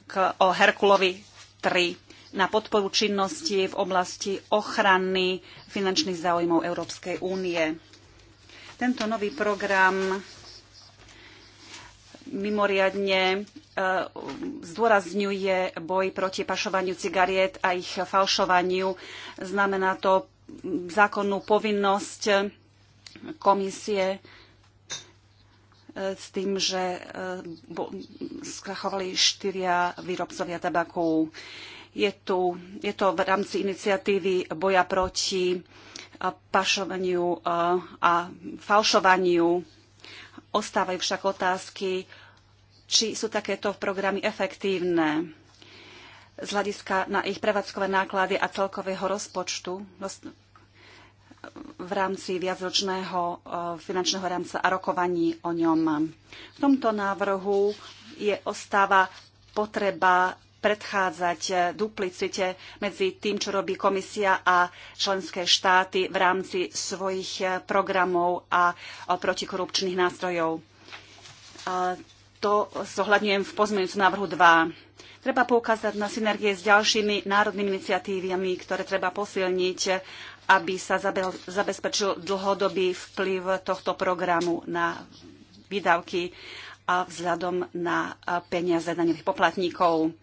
k, o Herkulovi 3 na podporu činnosti v oblasti ochrany finančných záujmov Európskej únie. Tento nový program mimoriadne e, zdôrazňuje boj proti pašovaniu cigariet a ich falšovaniu. Znamená to zákonnú povinnosť komisie e, s tým, že e, skrachovali štyria výrobcovia tabaku. Je, tu, je to v rámci iniciatívy boja proti pašovaniu a falšovaniu Ostávajú však otázky, či sú takéto programy efektívne z hľadiska na ich prevádzkové náklady a celkového rozpočtu v rámci viacročného eh, finančného rámca a rokovaní o ňom. V tomto návrhu je ostáva potreba predchádzať eh, duplicite medzi tým, čo robí komisia a členské štáty v rámci svojich eh, programov a protikorupčných nástrojov. to zohľadňujem v pozmeňujúcu návrhu 2. Treba poukázať na synergie s ďalšími národnými iniciatívami, ktoré treba posilniť, aby sa zabezpečil dlhodobý vplyv tohto programu na výdavky a vzhľadom na peniaze daňových poplatníkov.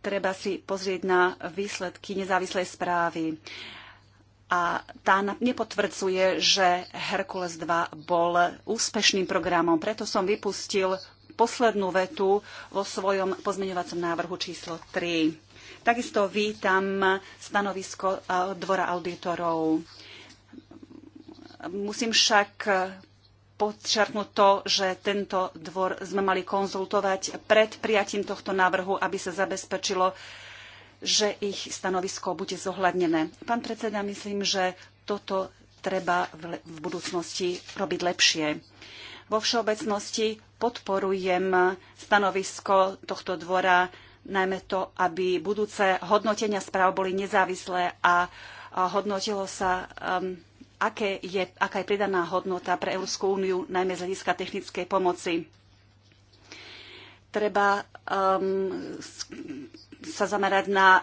Treba si pozrieť na výsledky nezávislej správy. A tá nepotvrdzuje, že Herkules 2 bol úspešným programom. Preto som vypustil poslednú vetu vo svojom pozmeňovacom návrhu číslo 3. Takisto vítam stanovisko Dvora auditorov. Musím však podčiarknúť to, že tento dvor sme mali konzultovať pred prijatím tohto návrhu, aby sa zabezpečilo, že ich stanovisko bude zohľadnené. Pán predseda, myslím, že toto treba v, v budúcnosti robiť lepšie. Vo všeobecnosti podporujem stanovisko tohto dvora, najmä to, aby budúce hodnotenia správ boli nezávislé a hodnotilo sa um, aké je, aká je pridaná hodnota pre Európsku úniu, najmä z hľadiska technickej pomoci. Treba um, sa zamerať na um,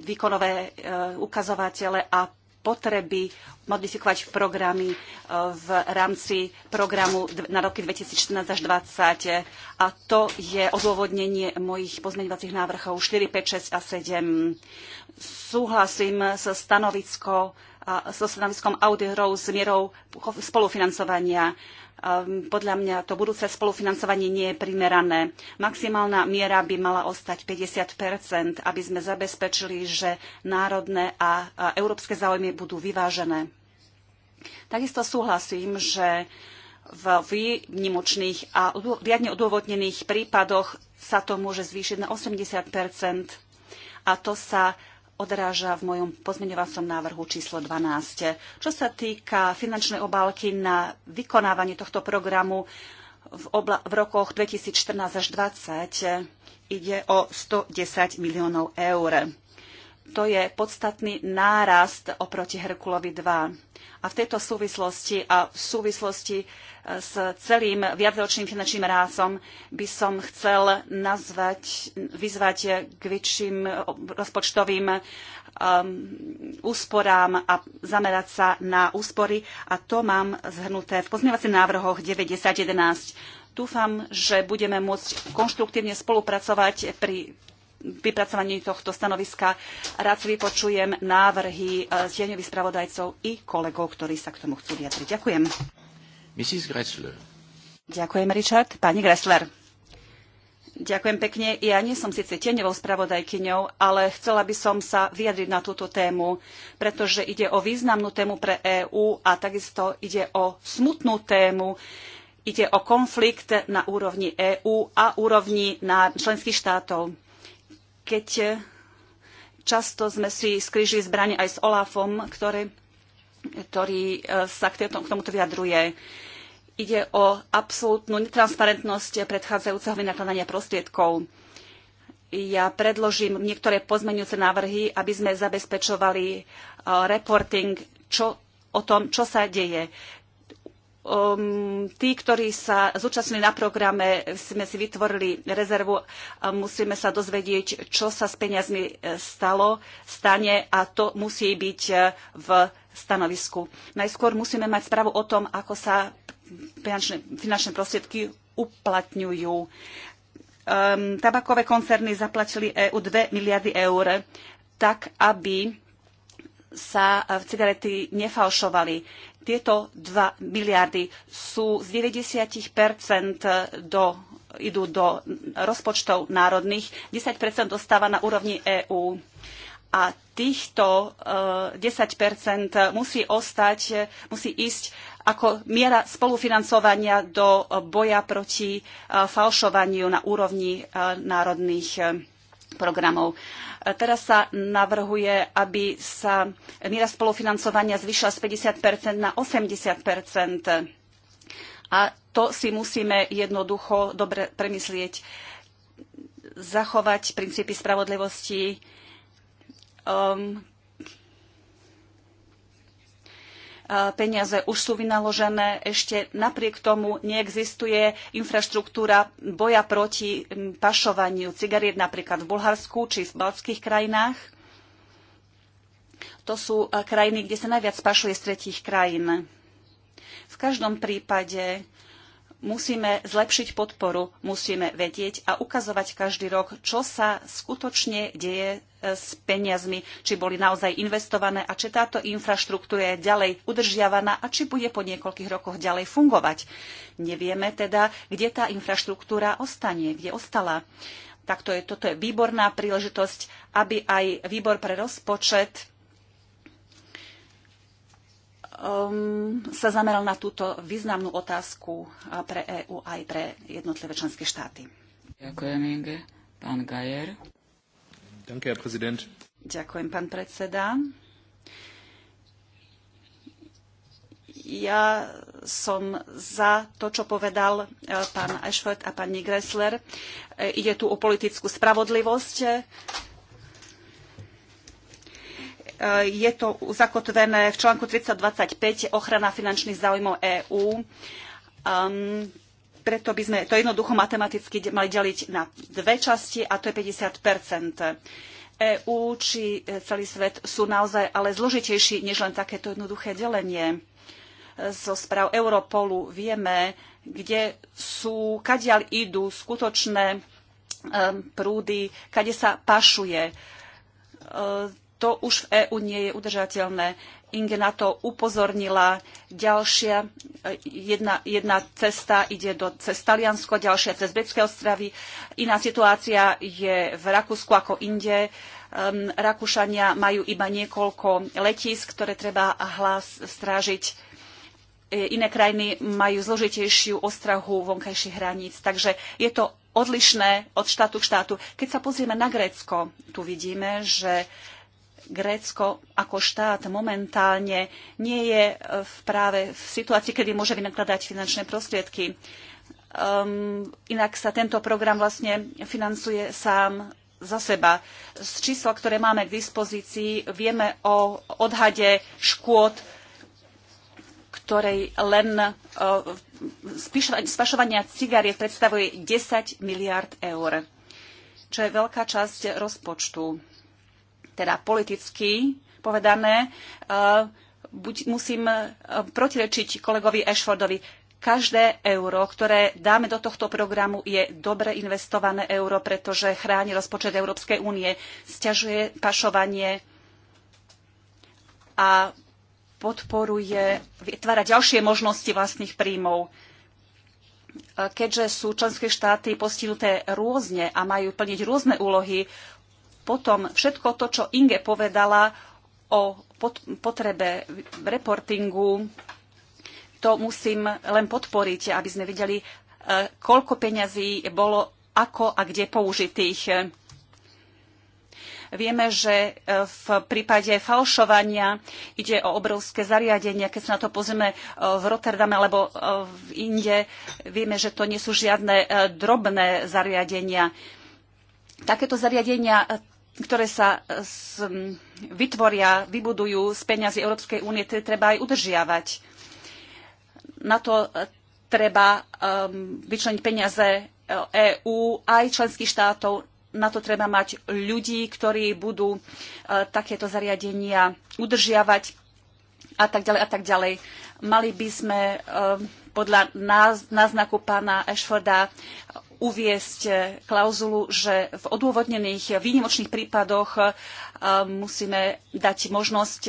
výkonové uh, ukazovatele a potreby modifikovať programy uh, v rámci programu na roky 2014 až 2020. A to je odôvodnenie mojich pozmeňovacích návrhov 4, 5, 6 a 7. Súhlasím s stanovisko a so stanoviskom auditorov s mierou spolufinancovania. Ehm, podľa mňa to budúce spolufinancovanie nie je primerané. Maximálna miera by mala ostať 50 aby sme zabezpečili, že národné a európske záujmy budú vyvážené. Takisto súhlasím, že v výnimočných a riadne odôvodnených prípadoch sa to môže zvýšiť na 80 a to sa odráža v mojom pozmeňovacom návrhu číslo 12. Čo sa týka finančnej obálky na vykonávanie tohto programu v, obla- v rokoch 2014 až 2020, ide o 110 miliónov eur to je podstatný nárast oproti Herkulovi 2. A v tejto súvislosti a v súvislosti e, s celým viacročným finančným rásom by som chcel nazvať, vyzvať k väčším rozpočtovým um, úsporám a zamerať sa na úspory. A to mám zhrnuté v pozmievacích návrhoch 9.10.11. Dúfam, že budeme môcť konštruktívne spolupracovať pri vypracovaní tohto stanoviska. Rád si vypočujem návrhy e, tieňových spravodajcov i kolegov, ktorí sa k tomu chcú vyjadriť. Ďakujem. Mrs. Gressler. Ďakujem, Richard. Pani Gressler. Ďakujem pekne. Ja nie som síce tieňovou spravodajkyňou, ale chcela by som sa vyjadriť na túto tému, pretože ide o významnú tému pre EÚ a takisto ide o smutnú tému. Ide o konflikt na úrovni EÚ a úrovni na členských štátov keď eh, často sme si skrížili zbranie aj s Olafom, ktorý eh, sa k, k tomuto vyjadruje. Ide o absolútnu netransparentnosť predchádzajúceho vynakladania prostriedkov. Ja predložím niektoré pozmeňujúce návrhy, aby sme zabezpečovali eh, reporting čo, o tom, čo sa deje um, tí, ktorí sa zúčastnili na programe, sme si vytvorili rezervu a musíme sa dozvedieť, čo sa s peniazmi e, stalo, stane a to musí byť e, v stanovisku. Najskôr musíme mať správu o tom, ako sa finančné, finančné prostriedky uplatňujú. Um, tabakové koncerny zaplatili EU 2 miliardy eur, tak aby sa e, cigarety nefalšovali. Tieto 2 miliardy sú z 90 do, idú do rozpočtov národných, 10 dostáva na úrovni EÚ a týchto 10 eh, musí ostať, musí ísť ako miera spolufinancovania do boja proti eh, falšovaniu na úrovni eh, národných programov. E, teraz sa navrhuje, aby sa miera spolufinancovania zvyšila z 50 na 80 A to si musíme jednoducho dobre premyslieť. Zachovať princípy spravodlivosti, um, peniaze už sú vynaložené, ešte napriek tomu neexistuje infraštruktúra boja proti pašovaniu cigariet napríklad v Bulharsku či v baltských krajinách. To sú krajiny, kde sa najviac pašuje z tretích krajín. V každom prípade musíme zlepšiť podporu, musíme vedieť a ukazovať každý rok, čo sa skutočne deje s peniazmi, či boli naozaj investované a či táto infraštruktúra je ďalej udržiavaná a či bude po niekoľkých rokoch ďalej fungovať. Nevieme teda, kde tá infraštruktúra ostane, kde ostala. Takto je, toto je výborná príležitosť, aby aj výbor pre rozpočet um, sa zameral na túto významnú otázku pre EÚ aj pre jednotlivé členské štáty. Ďakujem, Inge. Pán Gajer. Danke, Herr Präsident. Ďakujem, pán predseda. Ja som za to, čo povedal eh, pán Ashford a pani Gressler. Eh, ide tu o politickú spravodlivosť. Eh, je to zakotvené v článku 325 ochrana finančných záujmov EÚ preto by sme to jednoducho matematicky mali deliť na dve časti a to je 50 EÚ či e, celý svet sú naozaj ale zložitejší než len takéto jednoduché delenie. E, zo správ Europolu vieme, kde sú, kadiaľ idú skutočné e, prúdy, kade sa pašuje to už v EÚ nie je udržateľné. Inge na to upozornila. Ďalšia e, jedna, jedna cesta ide do, cez Taliansko, ďalšia cez Britské ostravy. Iná situácia je v Rakúsku ako inde. Um, Rakúšania majú iba niekoľko letísk, ktoré treba hlas strážiť. E, iné krajiny majú zložitejšiu ostrahu vonkajších hraníc. Takže je to odlišné od štátu k štátu. Keď sa pozrieme na Grécko, tu vidíme, že Grécko ako štát momentálne nie je e, v práve v situácii, kedy môže vynakladať finančné prostriedky. Um, inak sa tento program vlastne financuje sám za seba. Z čísla, ktoré máme k dispozícii, vieme o odhade škôd, ktorej len uh, spašovania cigariet predstavuje 10 miliard eur, čo je veľká časť rozpočtu teda politicky povedané, e, buď musím e, protirečiť kolegovi Ashfordovi. Každé euro, ktoré dáme do tohto programu, je dobre investované euro, pretože chráni rozpočet Európskej únie, sťažuje pašovanie a podporuje, vytvára ďalšie možnosti vlastných príjmov. E, keďže sú členské štáty postihnuté rôzne a majú plniť rôzne úlohy, potom všetko to, čo Inge povedala o potrebe reportingu, to musím len podporiť, aby sme videli, e, koľko peňazí bolo ako a kde použitých. Vieme, že e, v prípade falšovania ide o obrovské zariadenia. Keď sa na to pozrieme e, v Rotterdame alebo v Inde, vieme, že to nie sú žiadne drobné zariadenia. Takéto zariadenia ktoré sa eh, vytvoria, vybudujú z peňazí Európskej únie, tie treba aj udržiavať. Na to eh, treba ehm, vyčleniť peniaze EÚ eh, e aj členských štátov. Na to treba mať ľudí, ktorí budú takéto zariadenia udržiavať a tak ďalej a tak ďalej. Mali by sme ehm, podľa náznaku pána Ashforda uviesť eh, klauzulu, že v odôvodnených eh, výnimočných prípadoch eh, musíme dať možnosť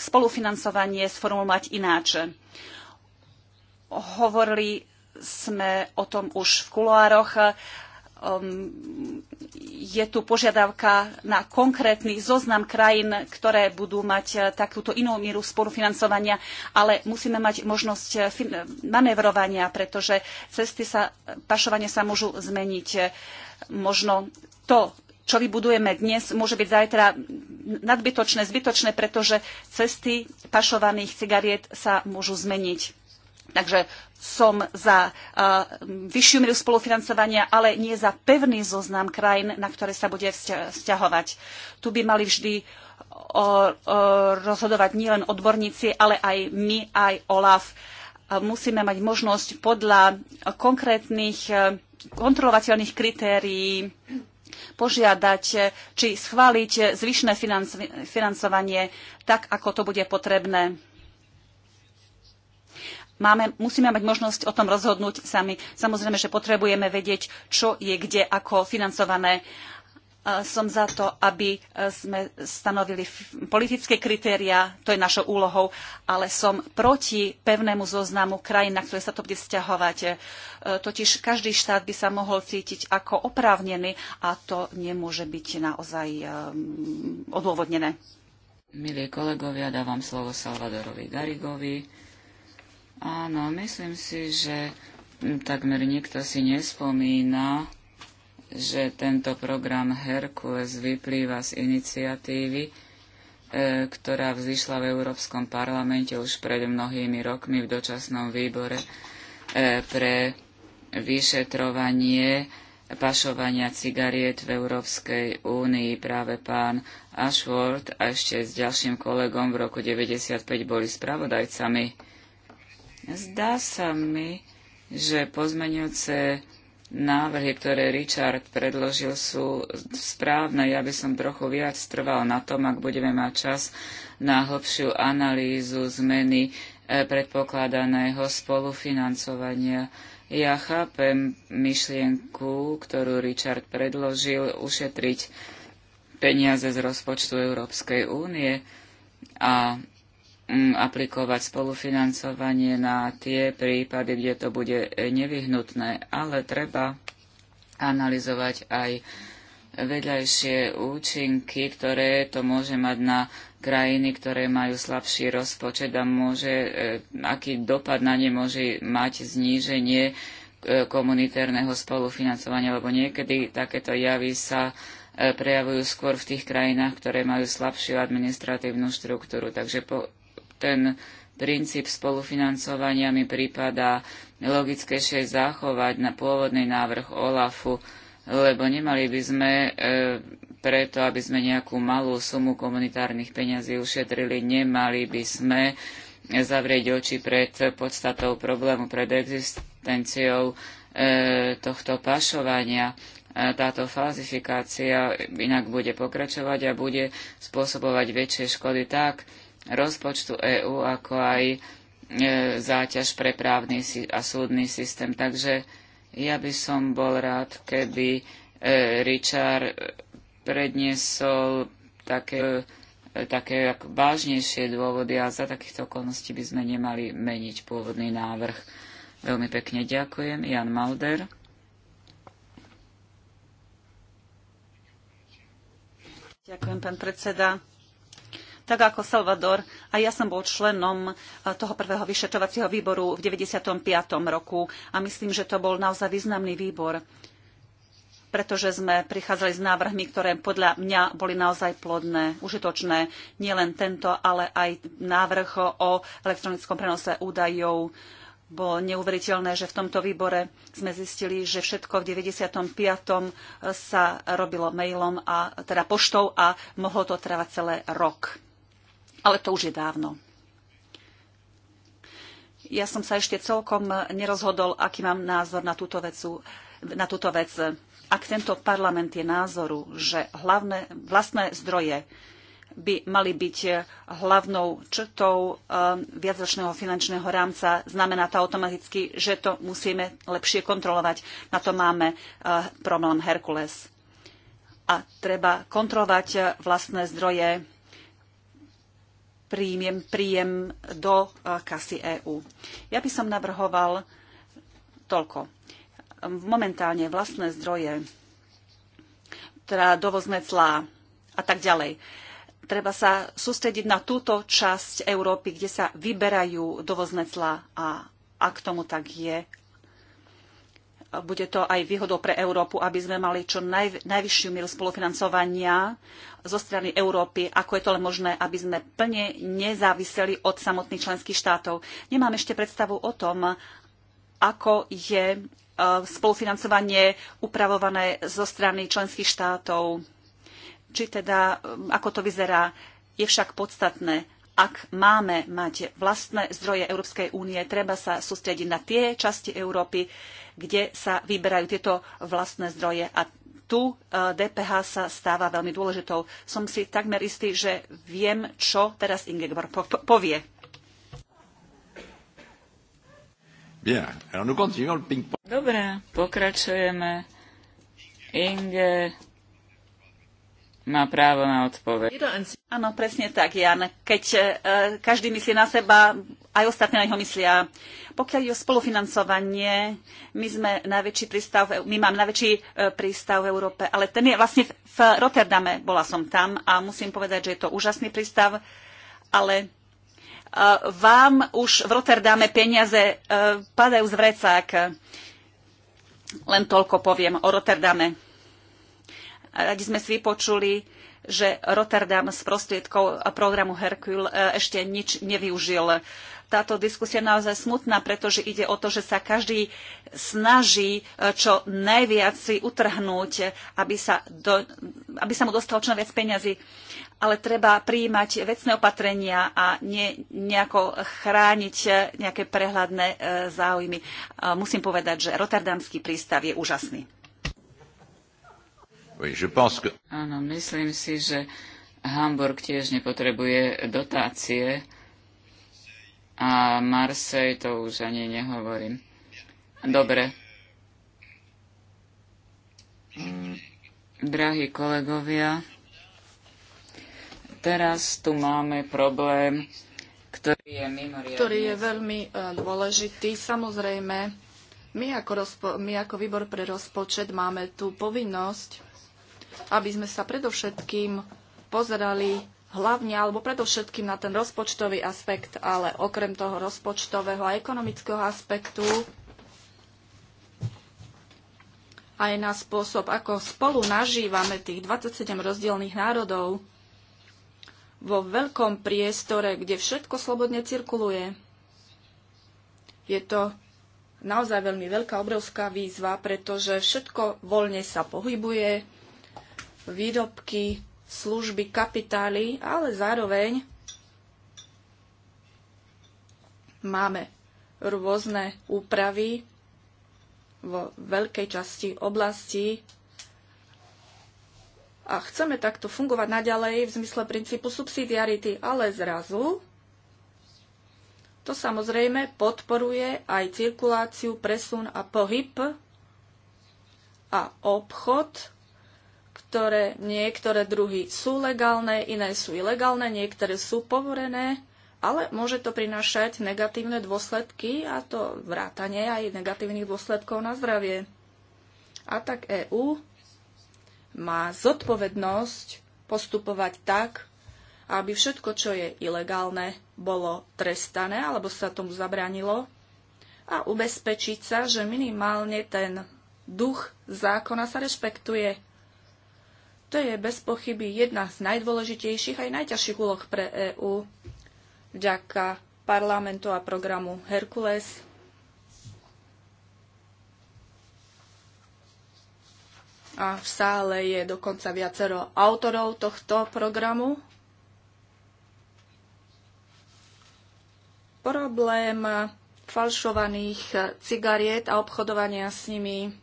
spolufinancovanie sformulovať ináč. Hovorili sme o tom už v kuloároch Um, je tu požiadavka na konkrétny zoznam krajín, ktoré budú mať eh, takúto inú sporu spolufinancovania, ale musíme mať možnosť eh, manevrovania, pretože cesty sa, pašovania sa môžu zmeniť. Možno to, čo vybudujeme dnes, môže byť zajtra nadbytočné, zbytočné, pretože cesty pašovaných cigariet sa môžu zmeniť. Takže som za uh, vyššiu mieru spolufinancovania, ale nie za pevný zoznam krajín, na ktoré sa bude vzťahovať. Tu by mali vždy o, o, rozhodovať nielen odborníci, ale aj my, aj OLAF. Musíme mať možnosť podľa konkrétnych e, kontrolovateľných kritérií požiadať e, či schváliť e, zvyšné financovanie tak, ako to bude potrebné máme, musíme mať možnosť o tom rozhodnúť sami. Samozrejme, že potrebujeme vedieť, čo je kde, ako financované. E, som za to, aby e, sme stanovili politické kritéria, to je našou úlohou, ale som proti pevnému zoznamu krajín, na ktoré sa to bude vzťahovať. E, totiž každý štát by sa mohol cítiť ako oprávnený a to nemôže byť naozaj odôvodnené. Milí kolegovia, dávam slovo Salvadorovi Garigovi Áno, myslím si, že takmer nikto si nespomína, že tento program Herkules vyplýva z iniciatívy, e, ktorá vzýšla v Európskom parlamente už pred mnohými rokmi v dočasnom výbore e, pre vyšetrovanie pašovania cigariet v Európskej únii. Práve pán Ashworth a ešte s ďalším kolegom v roku 1995 boli spravodajcami Zdá sa mi, že pozmeňujúce návrhy, ktoré Richard predložil, sú správne. Ja by som trochu viac trval na tom, ak budeme mať čas na hlbšiu analýzu zmeny e, predpokladaného spolufinancovania. Ja chápem myšlienku, ktorú Richard predložil, ušetriť peniaze z rozpočtu Európskej únie a Mm, aplikovať spolufinancovanie na tie prípady, kde to bude nevyhnutné, ale treba analyzovať aj vedľajšie účinky, ktoré to môže mať na krajiny, ktoré majú slabší rozpočet a môže, e, aký dopad na ne môže mať zníženie e, komunitárneho spolufinancovania, lebo niekedy takéto javy sa e, prejavujú skôr v tých krajinách, ktoré majú slabšiu administratívnu štruktúru. Takže po, ten princíp spolufinancovania mi prípada logickejšie zachovať na pôvodný návrh OLAFu, lebo nemali by sme e, preto, aby sme nejakú malú sumu komunitárnych peňazí ušetrili, nemali by sme zavrieť oči pred podstatou problému, pred existenciou e, tohto pašovania. E, táto falzifikácia inak bude pokračovať a bude spôsobovať väčšie škody tak, rozpočtu EÚ, ako aj e, záťaž pre právny a súdny systém. Takže ja by som bol rád, keby e, Richard e, predniesol také, také vážnejšie dôvody a za takýchto okolností by sme nemali meniť pôvodný návrh. Veľmi pekne ďakujem. Jan Malder. Ďakujem, pán predseda tak ako Salvador. A ja som bol členom toho prvého vyšetrovacieho výboru v 95. roku a myslím, že to bol naozaj významný výbor pretože sme prichádzali s návrhmi, ktoré podľa mňa boli naozaj plodné, užitočné. Nielen tento, ale aj návrh o elektronickom prenose údajov bolo neuveriteľné, že v tomto výbore sme zistili, že všetko v 95. E, sa robilo mailom, a, teda poštou a mohlo to trvať celé rok ale to už je dávno. Ja som sa ešte celkom nerozhodol, aký mám názor na túto, vecu, na túto vec. Ak tento parlament je názoru, že hlavné, vlastné zdroje by mali byť hlavnou črtou eh, viacročného finančného rámca. Znamená to automaticky, že to musíme lepšie kontrolovať. Na to máme eh, problém Herkules. A treba kontrolovať eh, vlastné zdroje príjem, príjem do eh, kasy EÚ. Ja by som navrhoval toľko. Momentálne vlastné zdroje, teda dovozné clá a tak ďalej. Treba sa sústrediť na túto časť Európy, kde sa vyberajú dovozné clá a ak tomu tak je, bude to aj výhodou pre Európu, aby sme mali čo naj, najvyššiu mieru spolufinancovania zo strany Európy, ako je to len možné, aby sme plne nezáviseli od samotných členských štátov. Nemám ešte predstavu o tom, ako je e, spolufinancovanie upravované zo strany členských štátov. Či teda, e, ako to vyzerá, je však podstatné, ak máme mať vlastné zdroje Európskej únie, treba sa sústrediť na tie časti Európy, kde sa vyberajú tieto vlastné zdroje a tu e, DPH sa stáva veľmi dôležitou. Som si takmer istý, že viem, čo teraz Ingeborg povie. Dobre, pokračujeme. Inge má právo na odpoveď. Áno, presne tak, Jan. Keď uh, každý myslí na seba, aj ostatní na ňo myslia. Pokiaľ je o spolufinancovanie, my sme najväčší prístav, my máme najväčší e, prístav v Európe, ale ten je vlastne v, v Rotterdame, bola som tam a musím povedať, že je to úžasný prístav, ale e, vám už v Rotterdame peniaze padajú z vrecák. Len toľko poviem o Rotterdame Radi sme si vypočuli, že Rotterdam z prostriedkov programu Hercule ešte nič nevyužil. Táto diskusia je naozaj smutná, pretože ide o to, že sa každý snaží e, čo najviac si utrhnúť, aby sa, do, aby sa mu dostalo čo najviac peňazí. Ale treba prijímať vecné opatrenia a nie, nejako chrániť nejaké prehľadné e, záujmy. Musím povedať, že rotterdamský prístav je úžasný je pense que... Áno, myslím si, že Hamburg tiež nepotrebuje dotácie a Marsej to už ani nehovorím. Dobre. Drahí kolegovia, teraz tu máme problém, ktorý je Ktorý je veľmi e, dôležitý. Samozrejme, my ako, rozpo- my ako výbor pre rozpočet máme tú povinnosť aby sme sa predovšetkým pozerali hlavne alebo predovšetkým na ten rozpočtový aspekt, ale okrem toho rozpočtového a ekonomického aspektu aj na spôsob, ako spolu nažívame tých 27 rozdielných národov vo veľkom priestore, kde všetko slobodne cirkuluje. Je to naozaj veľmi veľká, obrovská výzva, pretože všetko voľne sa pohybuje, výrobky, služby, kapitály, ale zároveň máme rôzne úpravy vo veľkej časti oblasti a chceme takto fungovať naďalej v zmysle princípu subsidiarity, ale zrazu to samozrejme podporuje aj cirkuláciu, presun a pohyb a obchod ktoré niektoré druhy sú legálne, iné sú ilegálne, niektoré sú povorené, ale môže to prinášať negatívne dôsledky a to vrátanie aj negatívnych dôsledkov na zdravie. A tak EÚ má zodpovednosť postupovať tak, aby všetko, čo je ilegálne, bolo trestané alebo sa tomu zabránilo a ubezpečiť sa, že minimálne ten duch zákona sa rešpektuje to je bez pochyby jedna z najdôležitejších aj najťažších úloh pre EÚ vďaka parlamentu a programu Herkules. A v sále je dokonca viacero autorov tohto programu. Problém falšovaných cigariet a obchodovania s nimi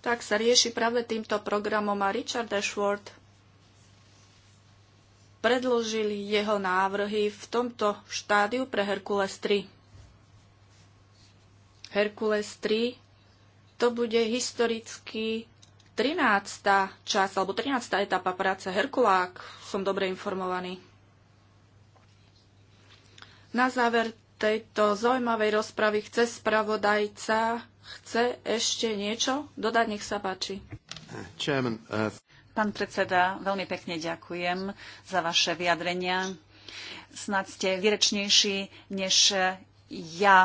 tak sa rieši práve týmto programom a Richard Ashworth predložili jeho návrhy v tomto štádiu pre Herkules 3. Herkules 3 to bude historicky 13. časť alebo 13. etapa práce Herkula, ak som dobre informovaný. Na záver tejto zaujímavej rozpravy chce spravodajca chce ešte niečo dodať? Nech sa páči. Uh, Pán predseda, veľmi pekne ďakujem za vaše vyjadrenia. Snad ste vyrečnejší než ja.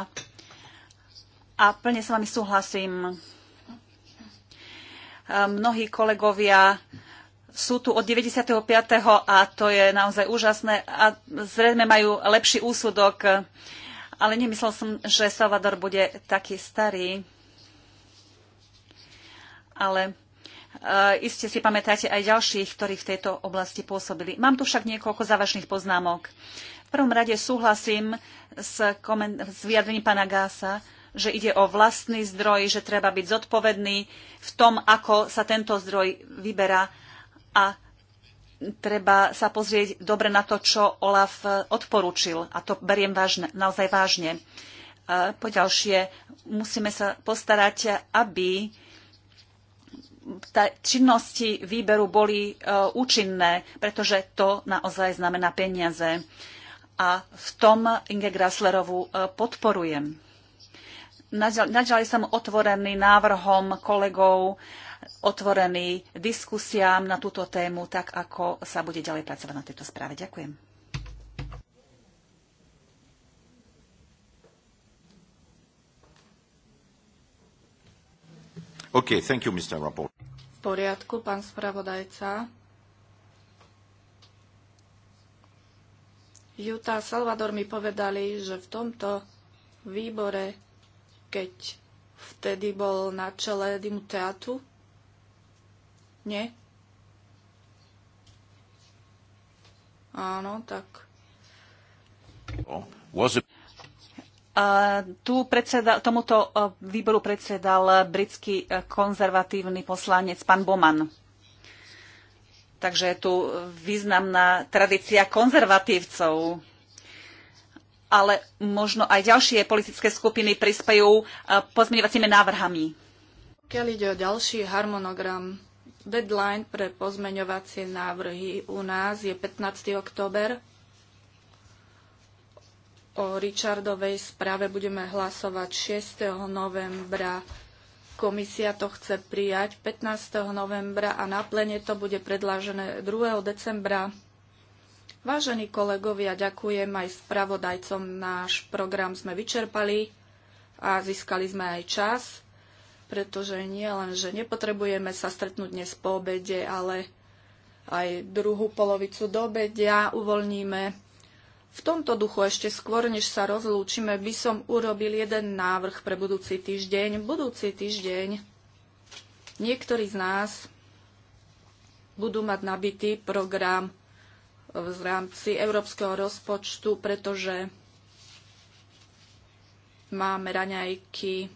A plne s vami súhlasím. Mnohí kolegovia sú tu od 95. a to je naozaj úžasné a zrejme majú lepší úsudok. Ale nemyslel som, že Salvador bude taký starý ale e, iste si pamätáte aj ďalších, ktorí v tejto oblasti pôsobili. Mám tu však niekoľko závažných poznámok. V prvom rade súhlasím s, koment- s vyjadrením pána Gása, že ide o vlastný zdroj, že treba byť zodpovedný v tom, ako sa tento zdroj vyberá a treba sa pozrieť dobre na to, čo Olaf odporúčil. A to beriem vážne, naozaj vážne. E, Poďalšie, musíme sa postarať, aby činnosti výberu boli e, účinné, pretože to naozaj znamená peniaze. A v tom Inge Graslerovu e, podporujem. Naďalej som otvorený návrhom kolegov, otvorený diskusiám na túto tému, tak ako sa bude ďalej pracovať na tejto správe. Ďakujem. OK, thank you, Mr. Rapport. V poriadku, pán spravodajca. Juta a Salvador mi povedali, že v tomto výbore, keď vtedy bol na čele Dimu Teatu, nie? Áno, tak. Was it... Tu predseda, tomuto e, výboru predsedal britský e, konzervatívny poslanec pán Boman. Takže je tu významná tradícia konzervatívcov. Ale možno aj ďalšie politické skupiny prispejú e, pozmeňovacími návrhami. Keď ide o ďalší harmonogram, deadline pre pozmeňovacie návrhy u nás je 15. október O Richardovej správe budeme hlasovať 6. novembra. Komisia to chce prijať 15. novembra a na plene to bude predlážené 2. decembra. Vážení kolegovia, ďakujem aj spravodajcom. Náš program sme vyčerpali a získali sme aj čas, pretože nie len, že nepotrebujeme sa stretnúť dnes po obede, ale aj druhú polovicu do obedia uvoľníme v tomto duchu ešte skôr, než sa rozlúčime, by som urobil jeden návrh pre budúci týždeň. Budúci týždeň niektorí z nás budú mať nabitý program v rámci európskeho rozpočtu, pretože máme raňajky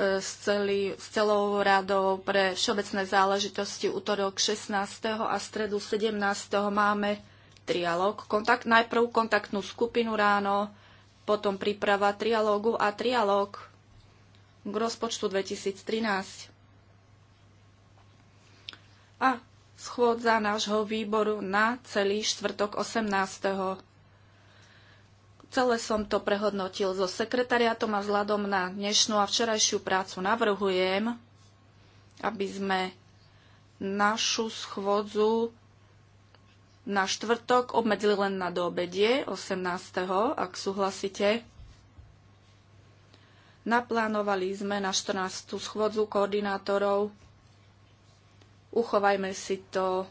s, celý, s celou radou pre všeobecné záležitosti útorok 16. a stredu 17. máme trialog. Kontakt, najprv kontaktnú skupinu ráno, potom príprava trialógu a trialóg k rozpočtu 2013. A schôdza nášho výboru na celý štvrtok 18 Celé som to prehodnotil so sekretariátom a vzhľadom na dnešnú a včerajšiu prácu navrhujem, aby sme našu schôdzu na štvrtok obmedzili len na doobedie 18. ak súhlasíte. Naplánovali sme na 14. schôdzu koordinátorov. Uchovajme si to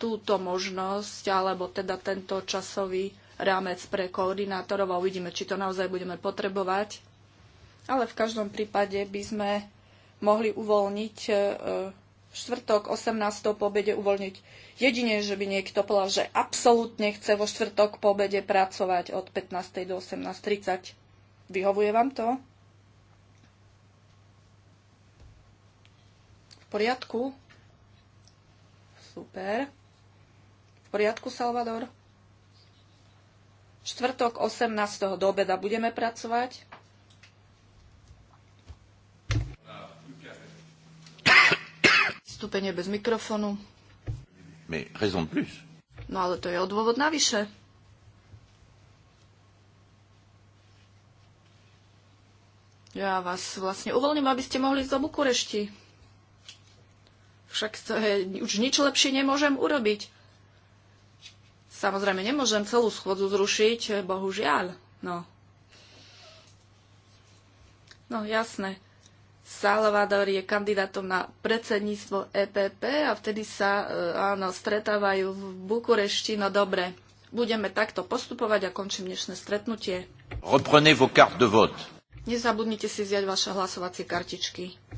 túto možnosť, alebo teda tento časový rámec pre koordinátorov a uvidíme, či to naozaj budeme potrebovať. Ale v každom prípade by sme mohli uvoľniť e, štvrtok 18. po obede uvoľniť. Jedine, že by niekto povedal, že absolútne chce vo štvrtok po obede pracovať od 15. do 18.30. Vyhovuje vám to? V poriadku? Super. V poriadku, Salvador? štvrtok 18. do obeda budeme pracovať. Vstúpenie bez mikrofónu. No ale to je odôvod navyše. Ja vás vlastne uvoľním, aby ste mohli ísť do Bukurešti. Však to je, už nič lepšie nemôžem urobiť. Samozrejme, nemôžem celú schôdzu zrušiť, bohužiaľ. No. No, jasné. Salvador je kandidátom na predsedníctvo EPP a vtedy sa e, áno, stretávajú v Bukurešti. No dobre, budeme takto postupovať a končím dnešné stretnutie. Reprenez vos cartes de vote. Nezabudnite si zjať vaše hlasovacie kartičky.